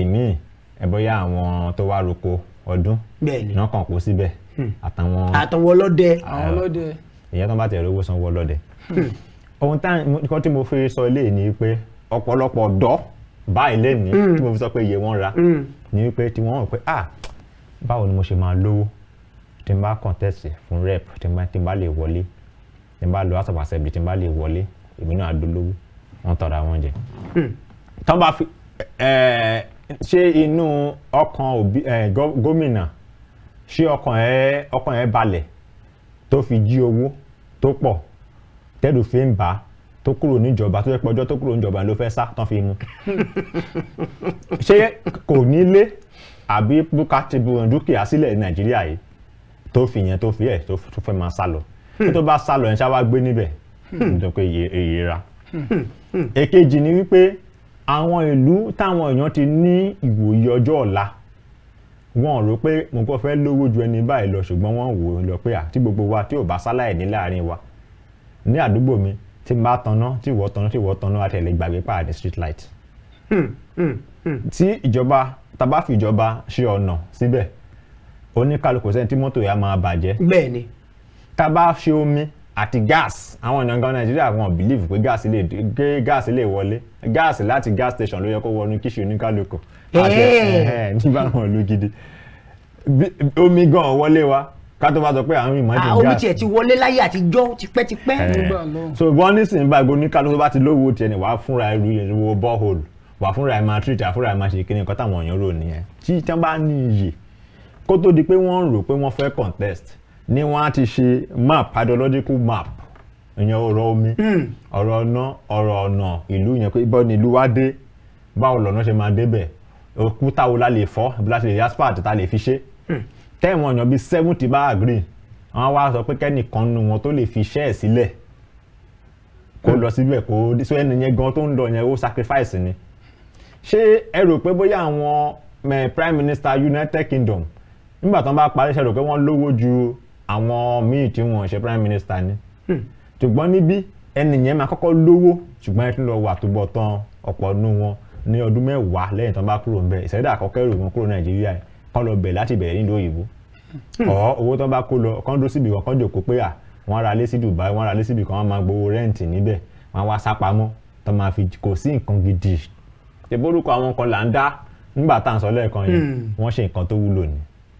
èmi ẹ bóyá àwọn tó wá roko ọdún náà kàn kó síbẹ̀ hmm. àtàwọn àtàwọn ọlọ́dẹ àwọn ọlọ́dẹ ìyẹn tó bá tẹ̀ lówó sanwó ọlọ́dẹ. Hmm. ohun táwọn tí mo fi sọ eléyìí ni pé ọ̀pọ̀lọpọ̀ ọ̀dọ́ báyìí lẹ́nu hmm. tí mo fi sọ pé iye wọn ra ni wípé tí wọ́n rò pé ah báwo ni mo ṣe máa lówó tí n bá kọ̀ǹtẹ̀sì fún rep tí n bá lè wọlé tí n bá lo house of assembly tí n bá lè wọlé èmi náà dolówó wọn tọrọ àwọn jẹ. tọ́ fi ṣé inú ọkàn òbí eh, gómìnà ṣé ọkàn ẹ ọkàn ẹ balẹ̀ tó fi jí owó tó pọ̀ tẹ́lù fi ń bà á tó kúrò níjọba tó yẹ pé ọjọ́ tó kúrò níjọba ló fẹ́ sá tán fi mu ṣé kò nílé àbí bùkà ti bu dúkìá sílẹ̀ nàìjíríà yìí tó fi yẹn tó fi ẹ̀ tó fẹ́ máa sá lọ hmm. tó bá sá lọ ẹ̀ ṣá wá gbé níbẹ̀ nítorí hmm. pé èyí ra hmm. èkejì ni wípé àwọn ìlú táwọn èèyàn ti ní ìwòye ọjọ́ ọ̀la wọ́n rò pé mo kọ́ fẹ́ lówó ju ẹni báyìí lọ ṣùgbọ́n wọ́n wò ó lọ pé àti gbogbo wa tí ò bá sáláì ní láàrin wa ní àdúgbò mi tí n bá tanná tí ìwọ tanná tí ìwọ tanná àti ẹlẹgbàgbé pàdé street light. Hmm, hmm, hmm. tí ìjọba tàbá fi ìjọba ṣe ọ̀nà síbẹ̀ oníkálukú sẹ́ni tí mọ́tò yà máa bàjẹ́. bẹ́ẹ̀ ni. tàbá ṣe omi àti gas àwọn èèyàn gan nàìjíríà wọn believe pé gas lè gé gas lè wọlé gas láti gas station ló yẹ kó wọnú kíṣì oníkálukú àti níbàwọn ìlú gidi omi gan wọlé wa ká tó bá sọ pé à ń rìn gas omi tiẹ̀ ti wọlé láyé àtijọ́ tipẹ́tipẹ́. so wọ́n nísìnyí báyìí oníkálukú bá ti lówó tiẹ̀ ni wàá fúnra ẹrú ìrìnwó borehole wàá fúnra ẹ̀ máa treat àfúnra ẹ̀ máa ṣe kíni nǹkan táwọn èèyàn rò nìyẹn tí tí wọ́n bá ní contest ni wọ́n á ti ṣe map hydrological map ìyẹn ọ̀rọ̀ omi hmm. ọ̀rọ̀ ọ̀nà ọ̀rọ̀ ọ̀nà ìlú yẹn pé ibọ̀ ni ìlú wa dé báwo lọ̀nà ṣe máa débẹ̀ òkúta wo la lè fọ́ ibi láti lè yá spart ta lè fi ṣe hmm. tẹ́wọ̀n èèyàn bíi seventy bá agree wọ́n wá sọ pé kẹ́nìkan nu wọn tó lè fi iṣẹ́ ẹ̀ sílẹ̀ kó lọ síbẹ̀ kó so ẹni yẹn gan tó ń lọ yẹn ó sacrifice ni ṣé ẹ rò pé bóyá àwọn eh, prime minister United Kingdom nígbà tó ń bá parí ṣe rò pé wọ́n lówó ju àwọn míì tí wọn ṣe prime minister ni hmm. ṣùgbọ́n níbí ẹnìyẹn máa kọ́kọ́ lówó ṣùgbọ́n ẹ tún lọ wà tó bọ̀ tán ọ̀pọ̀ nínú wọn ní ọdún mẹ́wàá lẹ́yìn tán bá kúrò ńbẹ̀ ìṣẹ̀dá àkọ́kọ́ èrò wọn kúrò nàìjíríà kán lọ bẹ̀ láti bẹ̀rẹ̀ nílùú òyìnbó hmm. ọ̀ owó tán bá kó lọ kán dúró síbi kan kán jòkó pé à wọ́n ra lé sí Dubai wọ́n ra lé síbi kan wọ́n máa gbowó rẹ́ǹtì níbẹ̀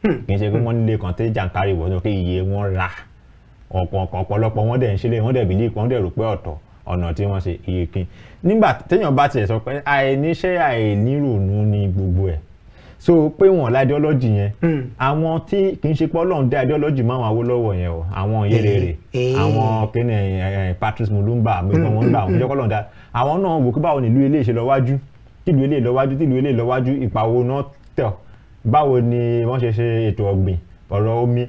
Hmm. kì í ṣe pé wọ́n nílé kan tí jàǹkárì wọ́n sọ pé iye wọn ra ọ̀pọ̀lọpọ̀ wọ́n dẹ̀ ń ṣílẹ̀ wọ́n dẹ̀ bìlí wọ́n dẹ̀ rò pé ọ̀tọ̀ ọ̀nà tí wọ́n ṣe iye kí nígbà téèyàn bá tiẹ̀ sọ pé àìníṣẹ́ àìnírònú ni gbogbo ẹ̀ so pé wọn la ideology yẹn hmm. àwọn tí kì í ṣe pé ọlọ́run dé ideology mọ́ àwọn Awólọ́wọ̀ yẹn o àwọn Nyerere eh, eh. àwọn kíni eh, Patrice Mulumba àmìkan wọn gbà àwọn hmm, jẹ́kọ́lọ́run dá àwọn náà wò kí báwo nílùú ilé ìṣèlọ́wájú tìlú ilé ìlọ́wájú tìlú ilé ìlọ́wájú ìpàwọ́ náà tẹ̀ báwo ni wọ́n ṣe ṣe ètò ọ̀gbìn ọ̀rọ̀ omi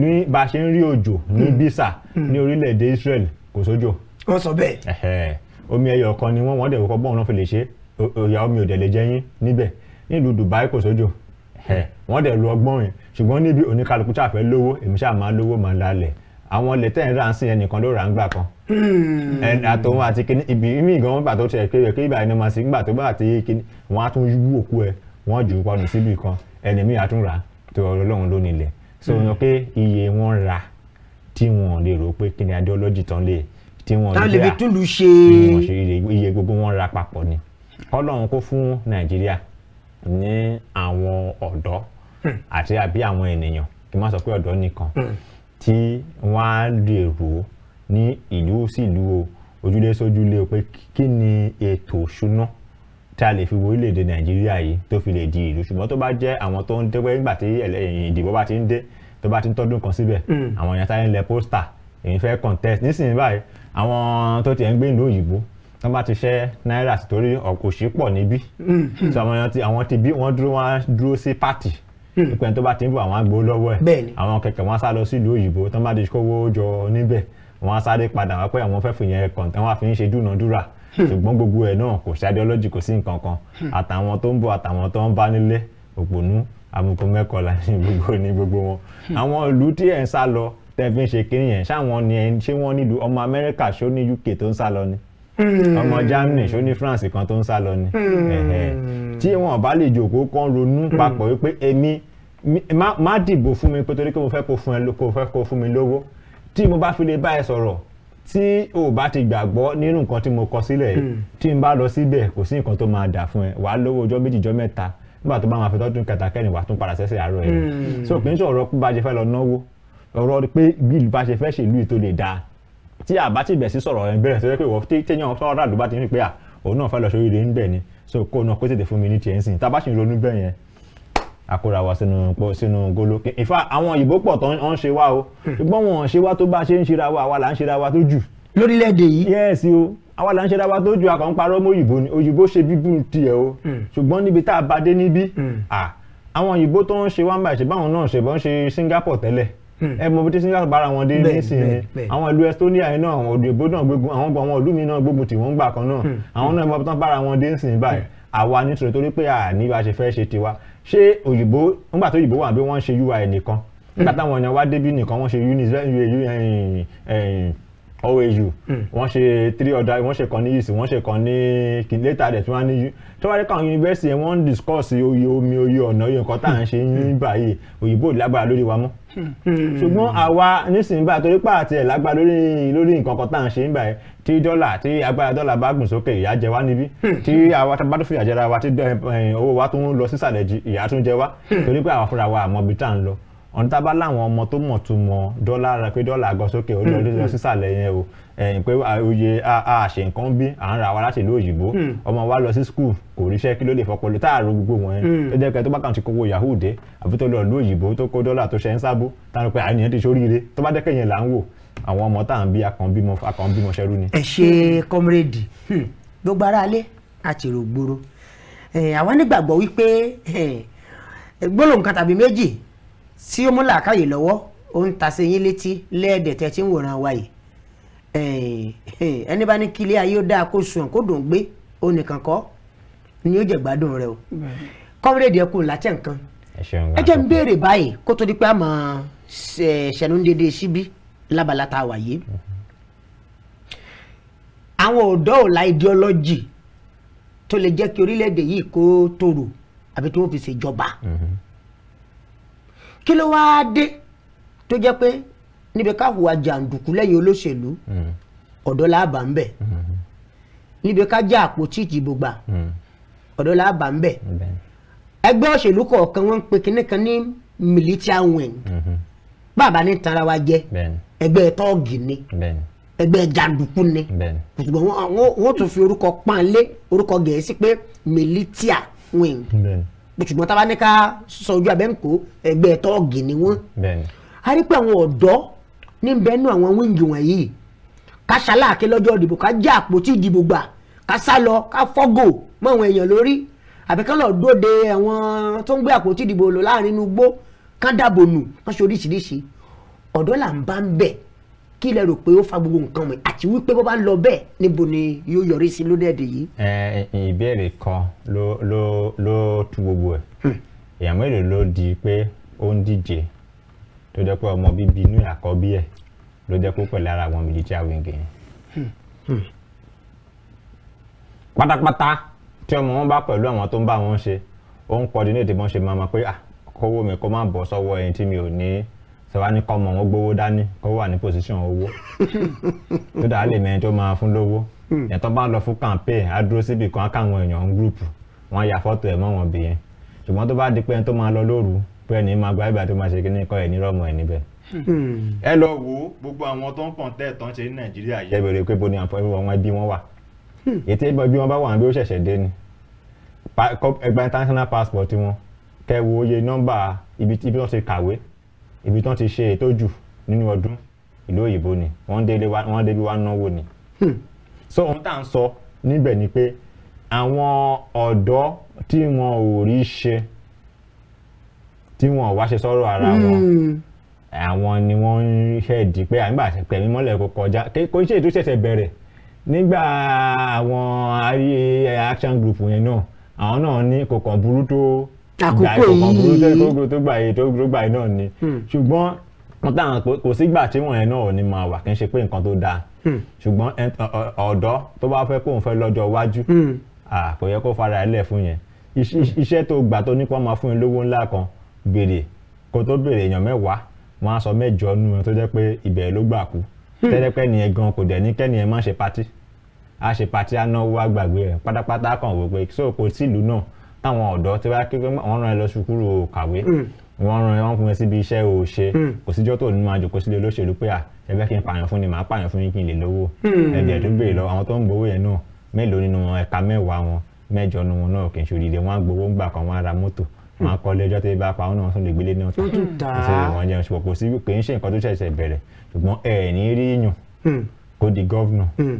ní bá a ṣe ń rí òjò ní hmm. Bisa hmm. ní orílẹ̀-èdè Israel kò sójò. wọ́n sọ bẹ́ẹ̀. omi ẹyọ kan ni wọ́n wọ́n dẹ̀ kọ́kọ́ bọ́ọ̀n náà fi lè ṣe ọ̀yà omi ò dẹ̀ lè jẹ́ yín níbẹ̀ nílùú Dubai kò sójò wọ́n dẹ̀ lu ọgbọ́n yẹn ṣùgbọ́n níbi oníkálukú ṣàfẹ́ lówó èmi ṣáà máa lówó máa lálẹ̀ àwọn ilẹ̀ tẹ̀ ń rà ń sìn ẹnìkan ló rà ń gbà kan hmm. àtòun àti kìnnì ibi ìmí ìgbọ̀n wọn gbà tó ṣe é pé ibà ẹni máa sí gbà tó bá àti kìnnì wọn á tún wú òkú ẹ wọ́n jù ú pọnù síbì kan ẹni míì àtúnra tó ọlọ́run ló nílẹ̀ so wọ́n hmm. pé iye wọn ra tí wọn lè rò pé kí ni ideology tán lè tí wọn lè fi túlù ṣe iye gbogbo wọn ra papọ̀ ni ọlọ́run kó fún nàìjíríà ní àwọn ọ̀dọ́ hmm. àti àbí àwọn ènìyàn kí n má sọ pé ọ̀dọ́ nìkan hmm. tí wọ́n á lè rò ó ní ìlú sílùú ojúlé sójúlé pé kí ni ètò òṣùná tá a lè fi wo orílẹ̀-èdè nàìjíríà yìí tó fi lè di ìlú ṣùgbọ́n tó bá jẹ́ àwọn tó ń dẹ́gbẹ́ nígbà tí ìdìbò bá ti ń dé tó bá ti ń tọ́dún kan síbẹ̀ hmm. àwọn èèyàn sáré ń lẹ̀ pósítà èyí fẹ́ contest nísìnyí báyìí àwọn tó ti ẹ̀ ń gbé ìlú òyìnbó tó bá ti ṣẹ́ náírà torí òṣì pọ̀ níbí tí hmm. àwọn èèyàn ti àwọn ti bí wọ́n dúró wọ́n dúró sí pátì ìpè hmm. tó bá ti ń bọ̀ àwọn àgbò lọ́wọ́ ẹ̀ àwọn kẹ̀kẹ́ wọn sá lọ sí ìlú ṣùgbọ́n gbogbo ẹ̀ náà kò ṣe ideology kò sí nǹkan kan àtàwọn tó ń bọ̀ àtàwọn tó ń bá nílé òpònú amukọ mẹ́kọ̀ọ́lá ní gbogbo ní gbogbo wọn àwọn ìlú tí ẹ̀ ń sá lọ tẹ́ fi ń ṣe kiri yẹn ṣáwọn ni ẹ̀ ṣé wọ́n nílùú ọmọ Amẹ́ríkà ṣó ní UK tó ń sá lọ ni ọmọ Germany ṣó ní France kan tó ń sá lọ ni tí wọn bá lè jókòó kán ronú papọ̀ wípé èmi má dìbò fún mi pé torí pé mo fẹ́ kó fún mi lówó tí mo bá fi lè bá ẹ sọ̀rọ̀ tí o bá ti gbàgbọ́ nínú nǹkan tí mo kọ sílẹ̀ yìí hmm. tí n bá lọ síbẹ̀ kò sí nǹkan tó máa dà fún ẹ wàá lówó ọjọ́ méjì ọjọ́ mẹ́ta nígbà tó bá máa fi tọ́jú kàtàkẹ́ni wàá tún padà sẹ́sẹ̀ àárọ̀ ẹ̀ hmm. so kì í ṣe ọ̀rọ̀ bá ṣe fẹ́ lọ náwó ọ̀rọ̀ pé bí ìlú bá ṣe fẹ́ ṣèlú ètò lè dáa tí àbá ti bẹ̀ sí sọ̀rọ̀ ẹ̀ bẹ̀rẹ̀ sọ́jọ́ pé wọ́n tẹ́yàn sọ́ra àdúgbò bá ti ń rí pé à òun náà fẹ́ lọ sórí ilé ń bẹ̀ ni so àkóra wa sínú pọ sínú góló ìfà àwọn òyìnbó pọ̀ tó ń ṣe wá o hmm. ṣùgbọ́n wọn ṣe wá tó bá ṣe ń ṣe ra wa àwa là ń ṣe ra wa tó jù. lórílẹ̀‐èdè yìí. yẹ́ẹ̀sì o àwa là ń ṣe ra wa tó jù akọ̀ ń parọ́ mọ́ òyìnbó ni òyìnbó ṣe bíbùn tiẹ̀ o hmm. ṣùgbọ́n níbi tá a bá dé níbí hmm. àwọn òyìnbó tó ń ṣe wá ń bá ìṣe báwọn náà ṣe bọ́n ṣe Singapore tẹ́lẹ̀ ẹ mọ bí Singapore bára wọn dé nísìnyí àwọn ìlú Estonia iná àwọn òyìnbó náà gbógun àwọn gbọ àwọn ìlú mi náà gbógun tí wọ́n ń gbà kan náà àwọn náà mọ bí wọ́n bára wọn dé nísìnyí báyìí àwa nítorí pé àní bá ṣe fẹ́ ṣe tiwa ṣé òyìnbó nígbà tó òyìnbó wà bí wọ́n ń ṣe ui nìkan nígbà táwọn èèyàn wá débí nìkan wọ́n ṣe OAU hmm. wọ́n ṣe three other wọ́n ṣe kan ní yìí wọ́n ṣe kan ní later dẹ̀ tí wọ́n ní tí wọ́n rí kan yunifásitì yẹn wọ́n ń discuss oyè omi oyè ọ̀nà oyè nǹkan tá à ń ṣe ní hmm. báyìí òyìnbó lágbára lórí wa mọ́ hmm. ṣùgbọ́n àwa nísìnyí báyìí torí pé àti ẹ̀ lágbára lórí lórí nǹkan kan tá à ń ṣe ní báyìí tí dọ́là tí agbára dọ́là bá gùn sókè ìyà jẹ wá níbí tí àwa bá tó fìyà jẹra wa tí eh, eh, owó wa tó ń lọ sísàlẹ̀ ìyà ọ̀n tá a bá láwọn ọmọ tó mọ̀ tó mọ dọ́là rẹ pé dọ́là àgọ́ sókè ó lọ́dún lọ hmm, hmm. sísàlẹ̀ yẹn o pé oyè a ṣe nǹkan bí à ń ra wa láti ìlú òyìnbó hmm. ọmọ wa lọ sí skul kò ríṣẹ́ kí ló lè fọpọlọ tá a ro gbogbo wọn yẹn tó jẹ́ pé tó bá kàn ti kówó yahoo dé àbí tó lọ ìlú òyìnbó tó kó dọ́là tó ṣe ń sábó táwọn pé àyìn yẹn ti ṣoríire tó bá jẹ́ kéèyàn là ń wò àwọn ọmọ tá à ń bí akànbímọ akànbímọ ṣẹrú ni. ẹ ṣe kọmírèdì gbogbo ara alẹ́ àti rògbòrò àwa nígbàgbọ́ wípé gbólóhùn kan tàbí tí ó mú làákàyè lọ́wọ́ ó ń ta sí yín létí lẹ́ẹ̀dẹ̀tẹ̀ tí ń wòran wa yìí ẹni bá ní kílé ayé ó dáa kó sùn kó dùn gbé ó nìkan kọ́ ni ó jẹ gbádùn rẹ o kọ́mírèdì ẹkùn làtẹ nǹkan ẹ jẹ́ ń béèrè báyìí kó tó di pé àmọ́ ṣẹ̀núndéédé síbí lábala tá a wà yìí àwọn ọ̀dọ́ ò la ideology tó lè jẹ́ kí orílẹ̀-èdè yìí kó tòrò àbí tí fi ṣèjọba. Mm-hmm kí ló wáá dé tó jẹ́ pé níbi ká hùwà jàǹdùkú lẹ́yìn olóṣèlú hmm. ọ̀dọ́ làbà ń bẹ̀ hmm. níbi ká já àpótí ìdìbò gbà hmm. ọ̀dọ́ làbà ń bẹ̀ ẹgbẹ́ òṣèlú kọ̀ọ̀kan wọ́n ń pe kinní kan ní militia wing bàbá ní tara wa jẹ ẹgbẹ́ tọ́ọ̀gì ni ẹgbẹ́ jàǹdùkú ni ṣùgbọ́n tún fi orúkọ pánlé orúkọ gẹ̀ẹ́sì pé militia wing ṣùgbọ́n tá a bá ní ká sọ ojú abẹ́ǹkó ẹgbẹ́ tọ́ọ̀gì ni wọ́n. a rí pé àwọn ọ̀dọ́ ní bẹ́ẹ̀nù àwọn wíńgì wọ̀nyí ká ṣaláàkí lọ́jọ́ ìdìbò ká já àpótí ìdìbò gbà ká sá lọ ká fọ́gò mọ́ àwọn èèyàn lórí àbí kán lọ dóde àwọn tó ń gbé àpótí ìdìbò lọ láàrin inú igbó kán dàbò nù kán ṣe oríṣiríṣi ọ̀dọ́ là ń bá ń bẹ̀ kí lẹ rò pé ó fa gbogbo nǹkan wọ̀nyí àti wípé bó bá ń lọ bẹ́ẹ̀ níbo ni yóò yọrí sí lórílẹ̀‐èdè yìí. ẹ ìbéèrè kan ló ló ló tú gbogbo ẹ hmm. èèyàn mélòó ló di pé ó ń díje tó jẹ́ pé ọmọ bíbí inú àkọ́bí ẹ̀ ló jẹ́ pé pẹ̀lú ara àwọn military wing yẹn. Hmm. Hmm. pátápátá tí ọmọ wọn bá pẹ̀lú àwọn tó ń bá wọn ṣe ó ń coordinate bọ́n ṣe máa ma pé kówó mi kó má bọ́ sọ́wọ́ ẹni tí mi ò ní ṣe wá ní kọ́mọ wọn gbowó dání kó wà ní pòsíṣàn owó tó dáa lè mẹ́rin tó máa fún lówó yẹn hmm. tó bá lọ fún campaign á dúró síbi kan káwọn èèyàn ń gúrùpù wọn ya fọ́tò ẹ̀ mọ́ wọn bì yẹn ṣùgbọ́n tó bá di pé ẹni tó máa lọ lóru pé ẹni máa gba ibà tó máa ṣe kí ní kọ́ ẹ̀ nírọ̀mọ́ ẹ̀ níbẹ̀. Hmm. ẹ lọ wo gbogbo àwọn tó ń pọ̀n tẹ́ tó ń ṣe ní nàìjíríà yẹ bẹ̀rẹ̀ pé bo ni àwọn ẹbí wọn wà hmm. ètò ẹbí wọn bá wà bí ó ṣẹ̀ṣẹ̀ dé ni ẹgbẹ́ international passport wọn kẹ́ wo iye nọ́mbà ibi tí wọ́n ti kàwé ibi tí wọ́n ti ṣe ìtọ́jú nínú ọdún ìlú òyìnbó ni wọ́n délé wọ́n débi wá náwó ni. Hmm. so ohun tá à ń sọ níbẹ̀ ni pé àwọn ọ̀dọ́ tí wọn ò rí ṣe tí wọn ò wá ṣe sọ́rọ̀ ara wọn hmm. àwọn ni wọ́n ń ṣẹ̀dí pé àmì bàtà pẹ̀lú mọ́lẹ̀ kò kọjá kò ṣe ètò ṣẹ̀ṣẹ̀ bẹ̀rẹ̀ nígbà àwọn ayé action group yẹn náà àwọn náà ní kò kàn burú tó àkókò yìí tó gbà yìí tó gbà yìí náà ni hmm. ṣùgbọ́n wọn tàn kò sígbà tí wọn yẹn náà ò máa wà kí n ṣe pé nǹkan tó dáa hmm. ṣùgbọ́n ọ̀dọ́ tó bá fẹ́ kóun fẹ́ lọ́jọ́ iwájú hmm. kò yẹ kó fara ẹ̀ lẹ̀ fún yẹn iṣẹ́ tó gbà tó nípa máa fún yín lówó ńlá kan béèrè kó tó béèrè èèyàn mẹ́wàá wọn á sọ mẹ́jọ nù wọn tó jẹ́ pé ibẹ̀ ló gbà kú tẹ́lẹ̀pẹ́ nìyẹn gan kò dẹ̀ ní kẹ́niyẹn má ṣe patí a ṣe patí a náwó agbàgbé rẹ̀ pátápátá kan wò pé so kò sílùú náà táwọn ọ̀dọ́ tí wọ́n á kékeré wọ́n rán ẹ lọ sùkúrù kàwé hmm. wọ́n rán ẹ wọ́n fún ẹ síbi iṣẹ́ ò ṣe hmm. kò síjọ́ tó ní máa jòkó sílé olóṣèlú pé à ẹ fẹ́ kí n pààyàn fún ni màá pààyàn fún yín kí n lè lówó hmm. ẹ̀dẹ̀ tó béèrè lọ àwọn tó ń gbowó yẹn náà mélòó nínú wọn ẹ̀ka mẹ́wàá wọn mẹ́jọ nínú wọn náà kì í ṣòdìdẹ wọn á gbowó ńgbà kan wọn á ra mọ́tò máa kọ́ lẹ́jọ́ tó bá pa ọ́n náà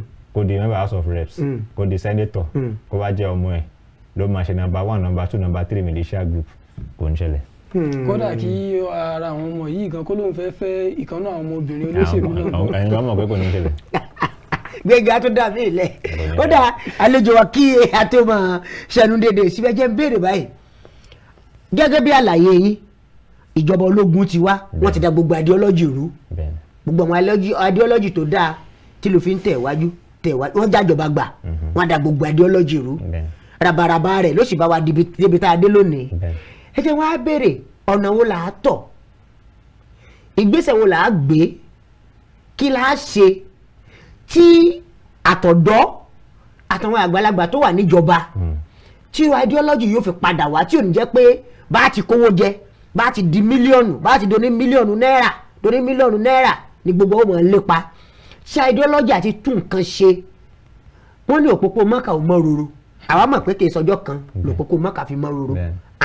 kó di senator kó wá jẹ́ ọmọ ẹ̀ ló máa ṣe number one number two number three militia group kò ń ṣẹlẹ̀. Hmm. kódà kí ara àwọn ọmọ yìí gan kó ló ń fẹ́ fẹ́ ìkànnà àwọn ọmọbìnrin olóṣèlú náà. ẹ̀yin máa mọ̀ pé kò ní ṣẹlẹ̀ gbẹ̀gà tó dà mí lẹ̀ ó dà àlejò wa kí àti ọmọ ṣẹnu dédé síbẹ̀ jẹ́ ń béèrè báyìí gẹ́gẹ́ bí àlàyé yín ìjọba ológun ti wá wọ́n ti da gbogbo ideology rú gbogbo àwọn ideology tó dáa tí ló fi ń tẹ̀ wájú tẹ̀ wájú wọ́n jájọba gbà mhm. wọ́n da gbogbo ideology rú rabaraba rẹ̀ ló sì bá wa débi tá a dé lónìí ẹ jẹ́ wọ́n á béèrè ọ̀nà wo là á tọ̀ ìgbésẹ̀ wo là á gbé kí là á ṣe tí àtọ̀dọ́ àtàwọn àgbàlagbà tó wà níjọba hmm. tí ideology yóò fi padà wá tí ò ní jẹ́ pé bá a ti kówó jẹ bá a ti di mílíọ̀nù bá a ti doni mílíọ̀nù náírà doni mílíọ̀nù náírà ni gbogbo ọmọ ń lépa ṣe ideology àti tún nǹkan ṣe wọ́n ní òpópó mọ́kà ò mọ́ roro àwa mọ̀ pé kì í sọjọ́ kan lòkókò mọ́kà fi mọ́ roro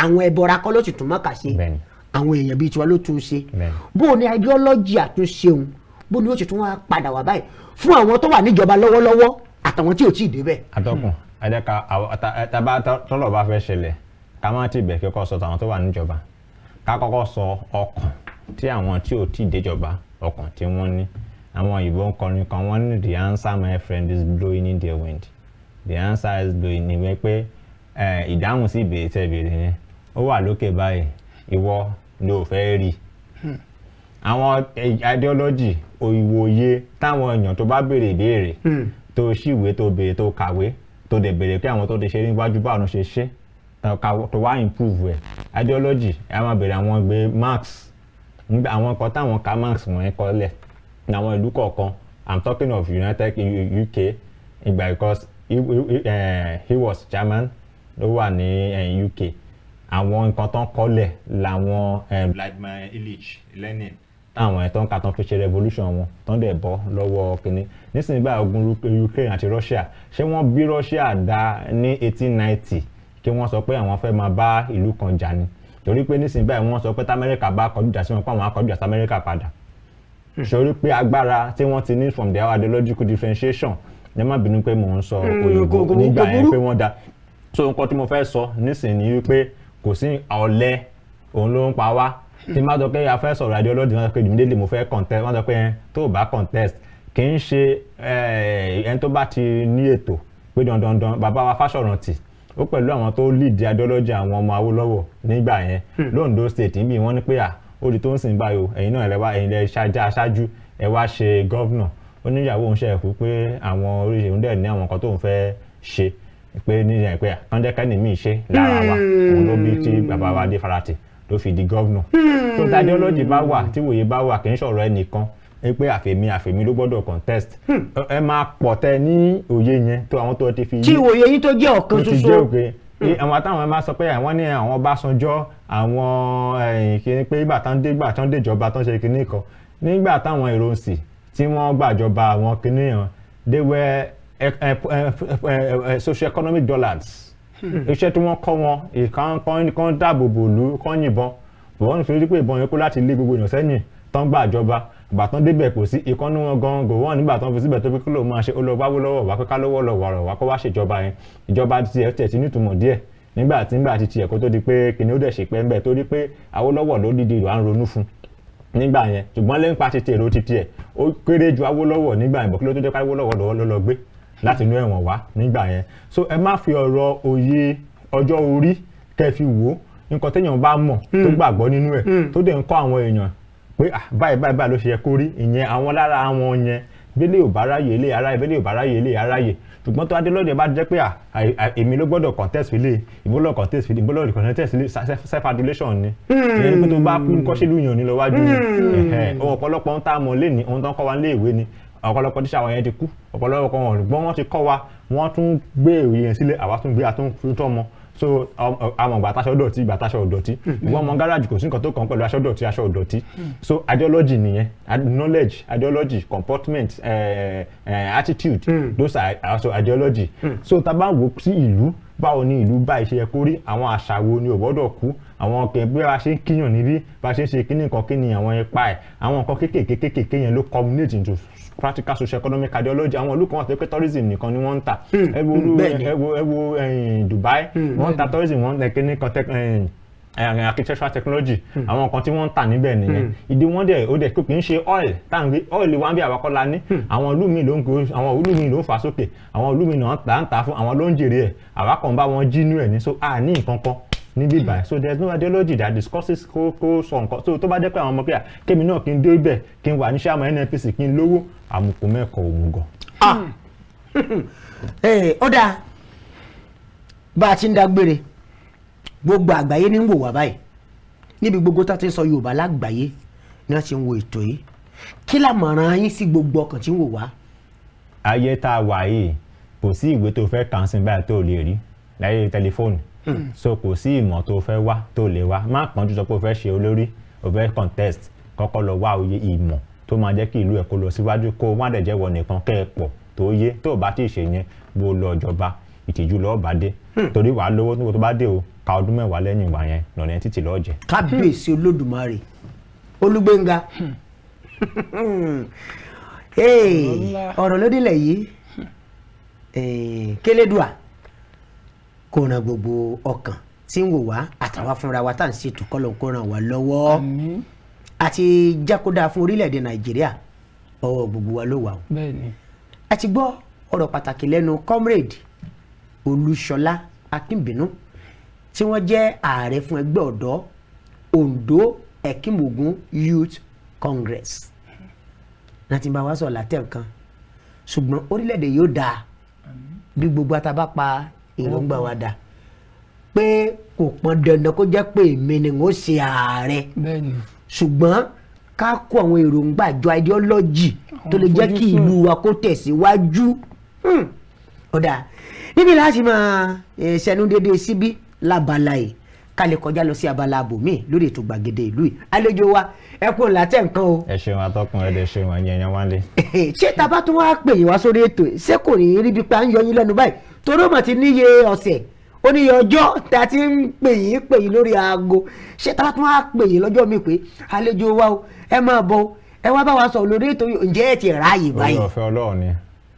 àwọn ẹbọra kọ́ ló sì tún mọ́kà ṣe àwọn èèyàn bíi tiwa ló tún ṣe bó ni ideology àtúnṣe òun bó ni ó ti tún wá padà wá báyìí fún àwọn tó wà níjọba lọ́wọ́lọ́wọ́ àtàwọn tí ò tí ì débẹ̀. atọ́kùn ẹ tàbá tọ́lọ̀ bá fẹ́ ṣẹlẹ̀ ká má ti bẹ̀ kíkọ́ sọ tàwọn tó wà níjọba ká kọ́kọ́ sọ ọkàn tí àwọn tí ò tí ì déjọba ọkàn tí wọ́n ní àwọn òyìnbó kọrin kan wọ́n ní the answer my friend is blowing in the wind the answer is blue ni wípé ìdáhùn sí ìbéèrè tẹ́ ìbéèrè yẹn ó wà lókè báyìí ìwọ ni ò fẹ́ rí àwọn ideology òwòye táwọn èèyàn tó bá béèrè ìbéèrè hmm. tó ṣìwé tó béèrè tó kàwé tó dẹ̀ béèrè pé àwọn tó ti ṣe níwájú báwọn ṣe ṣe tó wá improve ẹ̀ ideology ẹ̀ máa béèrè àwọn gbé Marx àwọn kan táwọn ka Marx wọ̀nyẹn kọ́lẹ̀ ní àwọn ìlú kọ̀ọ̀kan I'm talking of United UK ìgbà because he, uh, he was German ló wà ní eh, UK àwọn nǹkan tán kọ́lẹ̀ làwọn eh, Vladimir Ilyich Lenin táwọn ẹ̀ tó ń tán fi ṣe revolution wọn tán dẹ̀ bọ́ lọ́wọ́ kínní nísìnyí báyìí ogun Ukraine àti Russia ṣé wọ́n bí Russia dá ní 1890 kí wọ́n sọ pé àwọn fẹ́ máa bá ìlú kan jà ni torí pé nísìnyí báyìí wọ́n sọ pé tamẹ́ríkà bá kọjú ìjà sí wọn pé àwọn akọjú ìjà tamẹ́ríkà padà sórí hmm. pé agbára tí wọ́n ti ní from their ideological differentiation ẹ má bínú pé mò ń sọ hmm, òyìnbó nígbà yẹn pé wọ́n da so nǹkan tí mo fẹ́ sọ nísìnyí wípé kò sí ọ̀lẹ òun ló ń pa wá tí má sọ pé a fẹ́ sọ̀rọ̀ àdé ọlọ́dún náà pé jùmídélé mo fẹ́ contest wọ́n sọ pé tó o bá contest kì í ṣe eh, ẹni tó bá ti ní ètò pé dandandan bàbá wa Fáṣọ̀rántì ó pẹ̀lú àwọn tó lead ideology àwọn ọmọ Awólọ́wọ̀ nígbà yẹn hmm. l'Ondo state níbi wọ́n ní pé à ó di tó ń sìn báyò ẹ̀yin náà ẹ̀yin lẹ ṣáájú ẹ wá ṣe gọ́vnà ó ní ìyàwó òun ṣe ẹ̀kú pé àwọn oríṣi òun dẹ̀ ní àwọn nǹkan tóun fẹ́ ṣe pé níjà ìpẹ́ kán jẹ́ kẹ́ni mi ṣe lára wa òun ló bí tí bàbá wa dé farati tó fi di gọ́vnà tó tàdéọ́lọ́jì bá wà tí wòye bá wà kì í ṣọ̀rọ̀ ẹnìkan pé àfẹ̀mí àfẹ̀mí ló gbọ́dọ̀ contest hmm. ẹ máa pọ̀ tẹ ní òye yẹn tó àwọn tó ti fi yí tí òye yín tó jẹ́ ọ̀kan ṣoṣo àwọn táwọn ẹ máa sọ pé àwọn ní àwọn Ọbásanjọ́ àwọn kìíní pé ìgbà tán dé ìgbà tán déjọba tán ṣe kìíní kan nígbà táwọn èrò ń sì tí wọ́n gbàjọba àwọn kìnìyàn they were eh, eh, eh, social economic dollars hmm. iṣẹ́ tí wọ́n kọ́ wọn kàn dáàbò bò lù kàn yìnbọn bọ̀wọ́n nítorí pé ìbọn yẹn kó láti lé gbogbo èèyàn sẹ́yìn tán gbàjọba gbàtán débẹ̀ kò sí ikán ní wọn gan gòwọ́n nígbà tán fi síbẹ̀ tó fi kí ló máa ṣe ó lọ wáwó lọ́wọ́ wá pẹ́ká lọ́wọ́ lọ wàrọ̀ wá kó wá ṣèjọba yẹn ìjọba tiẹ̀ tiẹ̀ ti nítumọ̀ díẹ̀ nígbà tí nígbà ti tiẹ̀ kó tó di pé kìnìún dẹ̀ ṣe pẹ́ ńbẹ̀ torí pé Awólọ́wọ̀ ló dídì ìlú à ń ronú fún un nígbà yẹn ṣùgbọ́n lẹ́yìn pa tètè èrò ti tiẹ̀ ó kéré ju Awólọ́wọ̀ nígbà yẹn bọ̀ kí ló tó jẹ́ pé Awólọ́wọ̀ lọ́wọ́ ló lọ gbé láti inú ẹ̀wọ̀n wá nígbà yẹn so ẹ má fi ọ̀rọ̀ òye ọjọ́ orí kẹ́ fi wò ó nǹkan téèyàn bá mọ̀ tó hmm. gbàgbọ́ nínú ẹ̀ hmm. tó dẹ̀ ń kọ́ àwọn èèyàn pé ah, báyìí báyìí báyìí ló ṣe yẹ kó rí ìyẹn àwọn lára àwọn yẹn bẹ́lẹ̀ ò bá ráyè ilé aráyè bẹ́lẹ̀ ò bá ráyè ilé aráyè ṣùgbọ́n tó adélọ́dẹ bá jẹ́ pé èmi ló gbọ́dọ̀ contest ilé ìbólọ̀ contest ilé ìbólọ̀ contest ilé self adulation ni hmm. ìyẹn ni pé tó bá kú kọ́ṣẹ́lú yàn ní lọ́wájú ni hmm. ọ̀pọ̀lọpọ̀ ń tá a mọ̀ lé ní ohun tó ń kọ́ wa ní ilé-ìwé ni ọ̀pọ̀lọpọ̀ tíṣà wọn yẹn ti kú ọ̀pọ̀lọpọ̀ wọn ò gbọ́n wọn ti kọ́ wa wọ́n tún gbé òye yẹn sílẹ̀ àwa tún gbé àtúntọ́ mọ́ so àmọ̀ ìgbà táṣọ dọ̀tí ìgbà táṣọ dọ̀tí ìwọ hmm. ọmọ gáràjì kò sí nǹkan tó kàn pẹ̀lú aṣọ dọ̀tí aṣọ dọ̀tí hmm. so ideology nìyẹn knowledge ideology comportment uh, uh, attitude mm. those are also ideology mm. so tá a bá wò sí ìlú báwo ni ìlú bá ìṣe yẹ kó rí àwọn àṣà wo ni ò gbọ́dọ̀ kú àwọn kẹ bí a ṣe ń kíyàn níbí bá ṣe ń ṣe kíní nǹkan kí ni àwọn ipa ẹ̀ àwọn nǹkan kéékèèké kéékèèké yẹn ló culminate into practical socio economic ideology àwọn ìlú kan àti pé tourism nìkan ni wọ́n ń tà hmm, hmm, ẹ wo ẹ wo ẹ eh, wo Dubai hmm, wọ́n ń ta tourism wọ́n ń tẹ̀ kí ní kan eh, eh, architectural technology àwọn nǹkan tí wọ́n ń tà níbẹ̀ nìyẹn ìdí wọn dẹ̀ ó dẹ̀ kò kì ṣe oil tá n rí oil wa ń bí àwa kọ́ la ní àwọn ìlú mi ló ń gbòó àwọn ìlú mi ló ń fà sókè àwọn ìlú mi náà ń tà ń tà fún àwọn ló ń jèrè ẹ̀ àwa kàn bá wọn jí nú ẹ̀ ní so a ní nǹkan kan níbí báyìí so there is no ideology that discusses kó kó sọ nǹkan so tó bá jẹ́ pé àwọn ọmọ pé à kémi náà kí n dé ibẹ̀ kí n wà ní sàmọ̀ NNPC kí n lówó àmùkù mẹ́kọ̀ọ́ òmùgọ̀. Ah! Eh, ó dáa bá a ti ń dágbére gbogbo àgbáyé ní ń wò wá báyìí níbi gbogbo tá a ti ń sọ Yorùbá lágbàáyé ni wọ́n ti ń wo ètò yìí kí làmọ̀ràn yín sí gbogbo ọkàn tí ń wò wá. ayé tá a wà yìí kò sí ìwé tó fẹ́ kàn sí báyìí tó lè rí láyé tẹlifóònù Hmm. so kò sí ìmọ̀ tó fẹ́ wá tó lè wá má kánjú sọ pé o fẹ́ ṣe olórí o fẹ́ contest kọ́kọ́ lọ wá òye ìmọ̀ tó máa jẹ́ kí ìlú ẹ̀ kó lọ síwájú kó má dẹ̀ jẹ́wọ́ nìkan kẹ́ ẹ pọ̀ tó yé tó bá ti ṣe yẹn bó lọ jọba ìtìjú lọ́ọ́ bá dé hmm. torí wàá lówó níbo tó bá dé o ka ọdún mẹ́wàá lẹ́yìn ìgbà yẹn lọ́nà ẹ̀ títì lọ́ọ́ jẹ. Hmm. kábíyèsí olódùmarè olúgbénga ọ̀rọ̀ lódìlẹ̀ yìí eh, kélédùà kó ran gbogbo ọkàn tí ń wò wá àtàwa fúnra wa tá à ń ṣètò kọ́lọ̀ kó ràn wá lọ́wọ́ àti jákòdá fún orílẹ̀-èdè nàìjíríà ọwọ́ gbogbo wa ló wà o. a ti gbọ́ ọ̀rọ̀ pàtàkì lẹ́nu comrade olúṣọlá akínbínú tí wọ́n jẹ́ ààrẹ fún ẹgbẹ́ ọ̀dọ́ ondo ekimogun youth congress láti bá wa sọ̀rọ̀ látẹ̀ kan ṣùgbọ́n orílẹ̀-èdè yóò dáa bí gbogbo àtàbá pa èròǹgbà wa dà pé kò pọn dandan kó jẹ́ pé èmi ni n ó ṣe ààrẹ ṣùgbọ́n ká kó àwọn èròǹgbà àjọ ideology tó lè jẹ́ kí ìlú wa kó tẹ̀síwájú hmm. ọ̀dà níbi láti máa eh, ṣẹnu dédé síbí lábala yìí ká lè kọjá lọ sí abala àbòmí lórí ètò gbàgede ìlú yìí àlejò wa ẹ kú làtẹ̀ nǹkan o. ẹ ṣeun atọ́kùn ẹ̀ dẹ̀ ṣeun ẹ̀yìn ẹ̀yàn wálé. ṣé tá bá pè yín wá sórí ètò ṣé kò ní rí bí pé à ń yọ yín lẹ́nu báyìí torí ó mà ti níye ọ̀sẹ̀ ó níye ọjọ́ tá a ti ń pè yín pè yín lórí aago ṣé tá a tún wá pè yín lọ́jọ́ mi pé àlejò wa o ẹ máa bọ̀ o ẹ wá bá wa sọ lórí ètò ǹjẹ́ ẹ ti ráàyè báyìí. olùfẹ́ ọlọ́run ni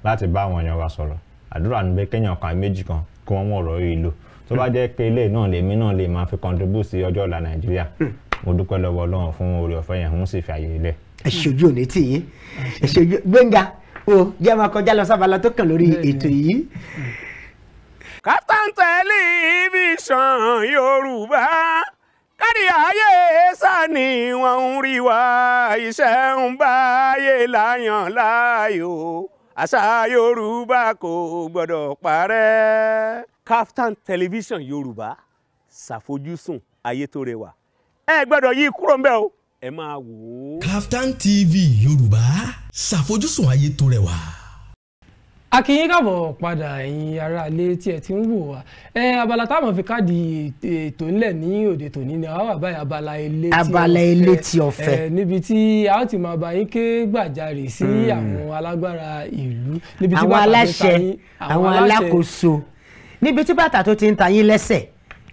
láti bá àwọn èèyàn wa sọ̀rọ̀ àdúrà níbẹ̀ kéèyàn kan méjì kan kí wọ́n mọ̀ ọ̀rọ̀ yìí lò tó bá jẹ́ pé ilé náà lèmi náà lè máa fi contribute sí ọjọ́ ọ̀la nàìjíríà hmm. mo dúpẹ́ lọ́wọ́ ọlọ́run fún oore ọ̀fẹ́ yẹn mo sì fi àyè ilẹ̀. ẹ ṣojú òní tì yín ẹ ṣojú gbẹ̀ngà o jẹ́ máa kọjá lọ sábàlá tó kàn lórí ètò yìí. Hmm. Kaftan Television Yorùbá kárí ayé sá ni ń rí wa iṣẹ́ ń bá ayé láyàn láàyò àṣà Yorùbá kò gbọ́dọ̀ parẹ́. Kaftan Television Yorùbá ṣàfojúsùn ayé tó rẹwà ẹ gbọ́dọ̀ yí kúrò ń bẹ̀ o ẹ máa wò ó. Kaftan TV Yorùbá ṣàfojúsùn ayé tó rẹwà akínyín káàbọ̀ padà ẹ̀yin ará ilé tí ẹ ti ń wò wá ẹ abala táwọn fi káàdì ètò ńlẹ̀ ní òde tòní ni àwa wà báyìí abala ilé tí ọ̀fẹ́ abala ilé tí ọ̀fẹ́ ẹ níbi tí a ó ti máa bá yín ké gbàjarè sí hmm. àwọn alágbára ìlú níbi tí bàtà tó ta yín àwọn alákòóso níbi tí bàtà tó ti ń ta yín lẹ́sẹ̀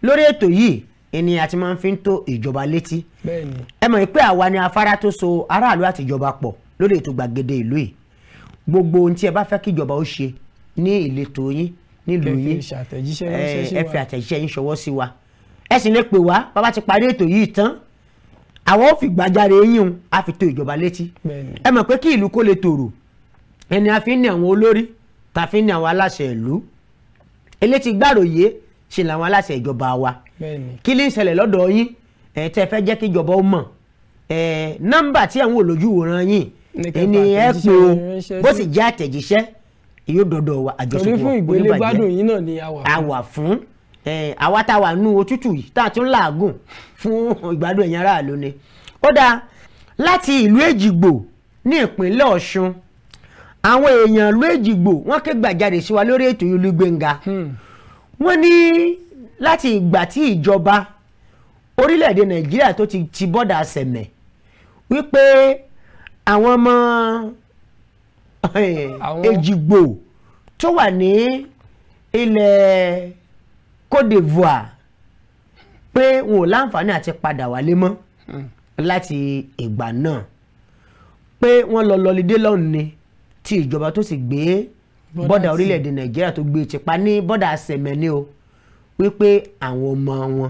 lórí ètò yìí ènìyàn àti máa ń fi ń tó ìjọba létí ẹ mọ̀ pé àwa ni afárá tó so aráàlú àtijọba pọ̀ lórí ètò gbàgede ìlú yìí gbogbo ohun tí ẹ bá fẹ́ kí ìjọba ó ṣe ní ìletò yín nílùú yín ẹ fi àtẹ̀jíṣẹ́ yín ṣọwọ́ sí wa ẹ sì lè pè wá bàbá ti parí ètò yìí tán àwọn ò fi gbàjáre yín un a fi tó ìjọba létí ẹ mọ̀ pé kí ìlú kó lè tòrò ẹni a fi ń ní àwọn olórí tá fi ń ní àwọn aláṣẹ ìlú elétí gbàròyé ṣe làwọn aláṣẹ ìjọba wa kí ló ń ṣẹlẹ̀ lọ́dọ̀ yín ẹ̀ tẹ́ fẹ́ jẹ́ kí ìjọba ó mọ̀ ẹ̀ nọ́mbà tí àwọn olójú wòran yín ènìyàn pé o bó sì jẹ́ àtẹ̀jíṣẹ́ yóò dọ̀dọ̀ wa àjọṣepọ̀ oníbàjẹ́ torí fún ìgbélé gbádùn yìí náà ni a wà fún àwa tá a wà nú òtútù yìí tá a tún làágùn fún ìgbádùn ẹ̀yin aráàlú ni ó dáa láti ìlú èjìgbò ní ìpínlẹ̀ ọ̀ṣun àwọn èèyàn ìlú èjìgbò wọ́n ké gbàjarè sí wa lórí ètò Olú Gbénga hmm. wọ́n ní láti ìgbà tí ìjọba orílẹ̀-èdè nàìjíríà tó ti ti bọ́dà sẹ̀mẹ̀ wípé àwọn ọmọ Èjìgbò eh, tó wà ní ilẹ̀ Côte d'Ivoire pé wọn ò láǹfààní àti padà wálé mọ́ láti ìgbà náà pé wọ́n lọ lọlidé lọ́hùn ni tí ìjọba tó sì gbé bọ́dà orílẹ̀-èdè Nàìjíríà tó gbé tìpa ní bọ́dà sẹ̀mẹ̀ ni o wípé àwọn ọmọ wọn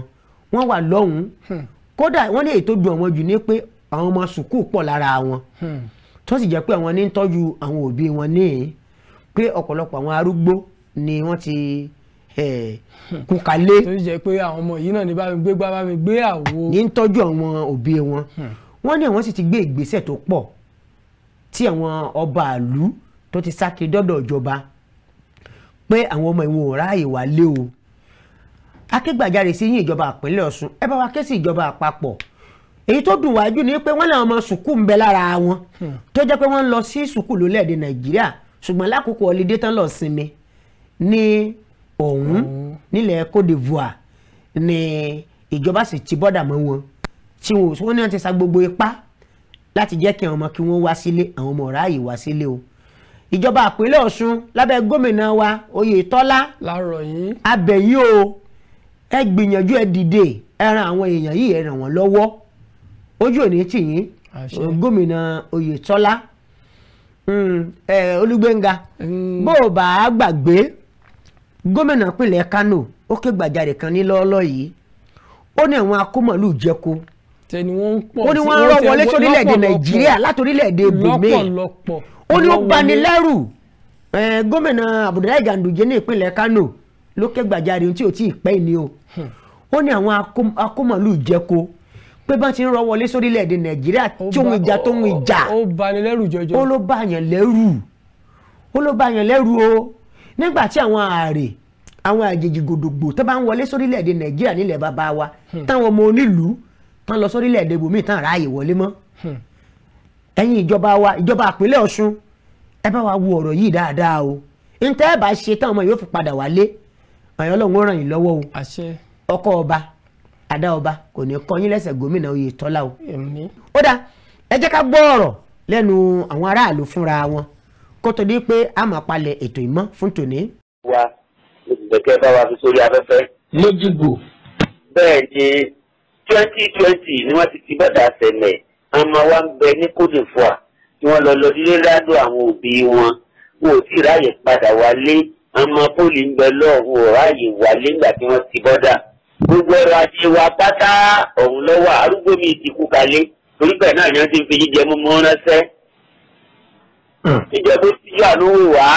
wọ́n wà lọ́hùn hmm. kódà wọ́n ní èyí tó dùn àwọn jù ní pé àwọn ọmọ sùkúù pọ̀ lára wọn hmm. tó sì jẹ́ pé àwọn ní ń tọ́jú àwọn òbí wọn níhìn pé ọ̀pọ̀lọpọ̀ àwọn arúgbó ni wọ́n ti hmm. kú kalẹ̀. tó sì jẹ́ pé àwọn ọmọ yìí náà ní bá mi gbé gbá bá mi gbé àwo. ní ń tọ́jú àwọn òbí wọn hmm. wọ́n ní àwọn sì ti gbé ìgbésẹ̀ tó pọ̀ tí àwọn ọba àlú tó ti sá dọ́dọ̀ ìjọba pé àwọn ọmọ ìwọ̀n ráàyè wá lé o akẹ́gbàjarè sí yín ìjọba ìpínlẹ̀ Ọ̀ṣun ẹ bá wa ké sí ìjọba àpapọ̀ èyí tó dùn wájú ni pé wọ́n làwọn ọmọ sùkúù ń bẹ lára wọn hmm. tó jẹ́ pé wọ́n ń lọ sí sùkúù lólẹ̀-èdè nàìjíríà ṣùgbọ́n lákòókò ọ̀lídé tán lọ sinmi ní ọ̀hún hmm. nílẹ̀ Côte d'Ivoire ni ìjọba sì ti bọ́dà mọ́ wọn tí wọ́n ní wọ́n ti sa gbogbo ipá láti jẹ́ kí àwọn ọmọ kí wọ́n wá sílé àwọn ọmọ ráàyè wá sílé o ìjọba àpínlẹ̀ Ọ̀ṣun lábẹ́ gómìnà wa Oyètọ́lá abẹ̀yìn o ẹ gbìyànjú ẹ dìde ẹ ran àwọn èèyàn yìí ẹ ràn wọ́n lọ́wọ́ ojú òní tì yín gómìnà Oyètọ́lá hmm, Olúgbénga hmm. bó o bá a gbàgbé gómìnà pínlẹ̀ Kánò ó ké gbàjarè kan ní lọ́ọ́lọ́ yìí ó ní àwọn akómọ̀lú jẹko ó ní wọ́n rọ́ wọlé sí orílẹ̀-èdè Nàìjíríà láti orílẹ̀-èdè bòmí ó ní ó bani lẹ́rù gómìnà Abdullahi Ganduje ní ìpínlẹ̀ Kánò ló ké gbàjarè tí ò tí pẹ́ ni o hmm. ó ní àwọn akómọ̀lú jẹko pé bá ti ń rọ wọlé sórílẹ̀-èdè nàìjíríà tí ohun ìjà tó ohun ìjà ó bani lẹ́rù jọjọ ó ló bá yàn lẹ́rù ó ló bá yàn lẹ́rù o nígbà tí àwọn ààrẹ àwọn àjèjì gòdògbò tó bá ń wọlé sórílẹ̀-èdè nàìjíríà nílẹ̀ bàbá wa hmm. táwọn ọmọ onílùú tán lọ sórílẹ̀-èdè bòmíì tán ráàyè wọlé mọ́ hmm. ẹ̀yin ìjọba wa ìjọba àpínlẹ̀ ọ̀ṣun ẹ bá wa wo ọ̀rọ̀ yìí dáadáa o ntẹ́ ẹ bá ṣe táwọn ọmọ yóò fi padà wálé àyàn ọlọ́run ó ràn yín lọ́wọ́ o ọkọ ọba adáọba kò ní kọ́ yín lẹ́sẹ̀ gómìnà Oyètọ́lá o. ó dá ẹ jẹ́ ká gbọ́ ọ̀rọ̀ lẹ́nu àwọn aráàlú fúnra wọn kó tó di pé a máa palẹ̀ ètò ìmọ̀ fún tòní. wa mo ti dẹ̀kẹ́ bá wa fi sórí afẹ́fẹ́. lójúgbò. bẹ́ẹ̀ ni twenty twenty ni wọ́n ti ti bàtà sẹ̀lẹ̀ ọmọ wa ń bẹ ní Côte d'Ivoire tí wọ́n lọ lọ sílé ládùn àwọn òbí wọn wọn ò tí ì ráàyè padà wálé ọmọ pólì ń bẹ lọ́ọ̀hún ò ráàyè wálé nígbà tí wọ́n ti bọ́dà gbogbo ọrọ̀ ajé wa pátá ọ̀hún lọ́wọ́ arúgbó mi ti kú kalẹ̀ torí bẹ́ẹ̀ náà ni wọ́n ti ń fi jíjẹ mímú ránṣẹ́. Hmm. ìjọba tíjú ànúwò wá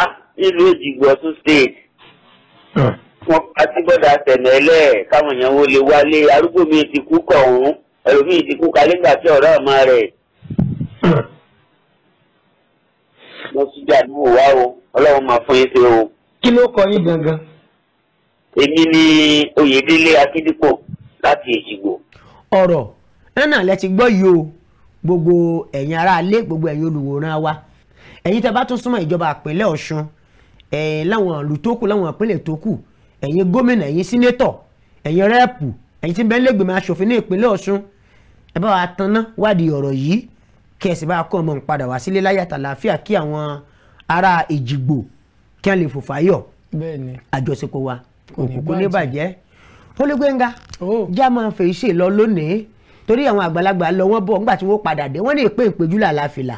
nílùú Èjìgbò Ọ̀ṣun state. Hmm. wọ́n pàtí bọ́dà tẹ̀mẹ́lẹ̀ káwọn èèyàn wo lè wálé arúgbó mi ti kú kọ̀ọ̀hún ẹlòmíì ti kú kalẹ̀ gbà tí ọ̀rọ̀ ọ̀ma rẹ̀. wọ́n tíjú ànúwò wá o ọlọ́run máa fún yín sí o. kí ló kọ yín gangan? èmi ni oyèdélé akíndípò láti èjìgbò. ọ̀rọ̀ nánà lẹ ti gbọ́ yìí o gbogbo ẹ̀yin aráalé gbogbo ẹ̀yin olùwòran wa ẹ̀yin tẹ́ bá tún súnmọ́ ìjọba ìpínlẹ̀ ọ̀ṣun ẹ̀yin láwọn ìlú tó kù láwọn ìpínlẹ̀ tó kù ẹ̀yin gómìnà ẹ̀yin sínétọ̀ ẹ̀yin rẹ́ẹ̀pù ẹ̀yin tí bẹ́ẹ̀ lẹ́gbẹ̀mọ aṣòfin ní ìpínlẹ̀ ọ̀ṣun ẹ bá wa tanná wádìí ọ̀rọ̀ yìí kí ẹ sì bá kọ́ ọmọ padà wá sílé láyàtà láàfíà kí àwọn ará èjìgbò kí wọ́n lè fòfáyọ̀ àjọṣepọ̀ wa òkùnkùn ní bàjẹ́ Olúgbénga já máa fèé ṣe lọ lónìí torí àwọn àgbàlagbà lọ wọ́n bọ̀ nígbà tí wọ́n padà dé wọ́n lè pé ìpéjú làlàfìlà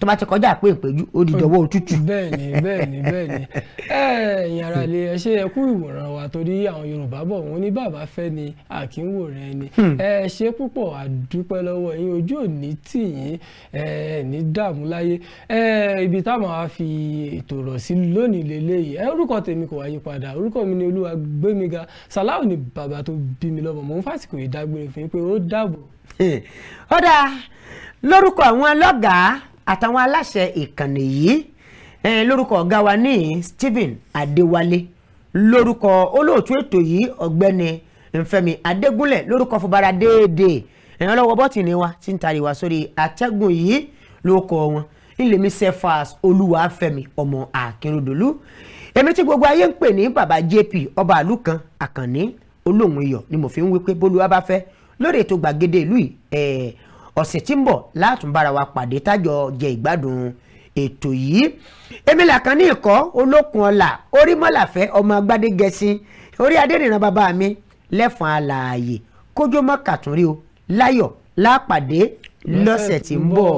tó bá ti kọjá pé ìpéjú ó di dọwọ́ òtútù. bẹ́ẹ̀ni bẹ́ẹ̀ni bẹ́ẹ̀ni ẹ̀yin ará ilé ẹ ṣe ẹ kú ìwòran wa torí àwọn yorùbá bọ̀ wọ́n ní bàbá fẹ́ ni àkínwò rẹ ni hmm. ẹ ṣe púpọ̀ àdúpẹ́ lọ́wọ́ yín ojú òní tì yín ẹ ní dààmú láyé ẹ ibi táwọn á fi ètò rọ̀ sí lónìí lélẹ́yìí ẹ orúkọ tèmi kò wá padà orúkọ mi ni olúwa gbémiga sàláwù ni bàbá tó bí mi lọ́mọ mò ń fàsìkò ìdágbére fún yín pé ó dàbọ̀. ó dáa lórúkọ àwọn ọlọ́gàá àtàwọn aláṣẹ ìkànnì yìí lórúkọ ọ̀gá wa ní Stephen Adéwálé lórúkọ olóòtú ètò yìí ọ̀gbẹ́ni Fẹ́mi Adégúnlẹ̀ lórúkọ fọbara déédéé ẹ̀yàn lọ́wọ́ bọ́tìnì wa ti ń tari wa sórí àtẹ́gùn yìí lórúkọ wọn ńlẹ̀mí Cephas Olúwafẹ́mi ọmọ Akérèdọ́lù èmi tí gbogbo ayé ń pè ní baba JP ọba àlù kan àkànní olóhùn iyọ̀ ni mo fi ń wí pé bólúwa bá fẹ́ lórí ètò gbàgede ìlú yìí ọ̀sẹ̀ tí ń bọ̀ látúnbára wa pàdé tájọ jẹ ìgbádùn ètò yìí èmi làkàn ní ìkọ́ olókun ọ̀la orí mọ́làfẹ́ ọmọ agbádé gẹ̀ẹ́sìn orí adẹ́rìnrán bàbá mi lẹ́fọ̀n alààyè kójó mọ́kàtúnrí o láyọ̀ lápàdé lọ́sẹ̀ tí ń bọ̀.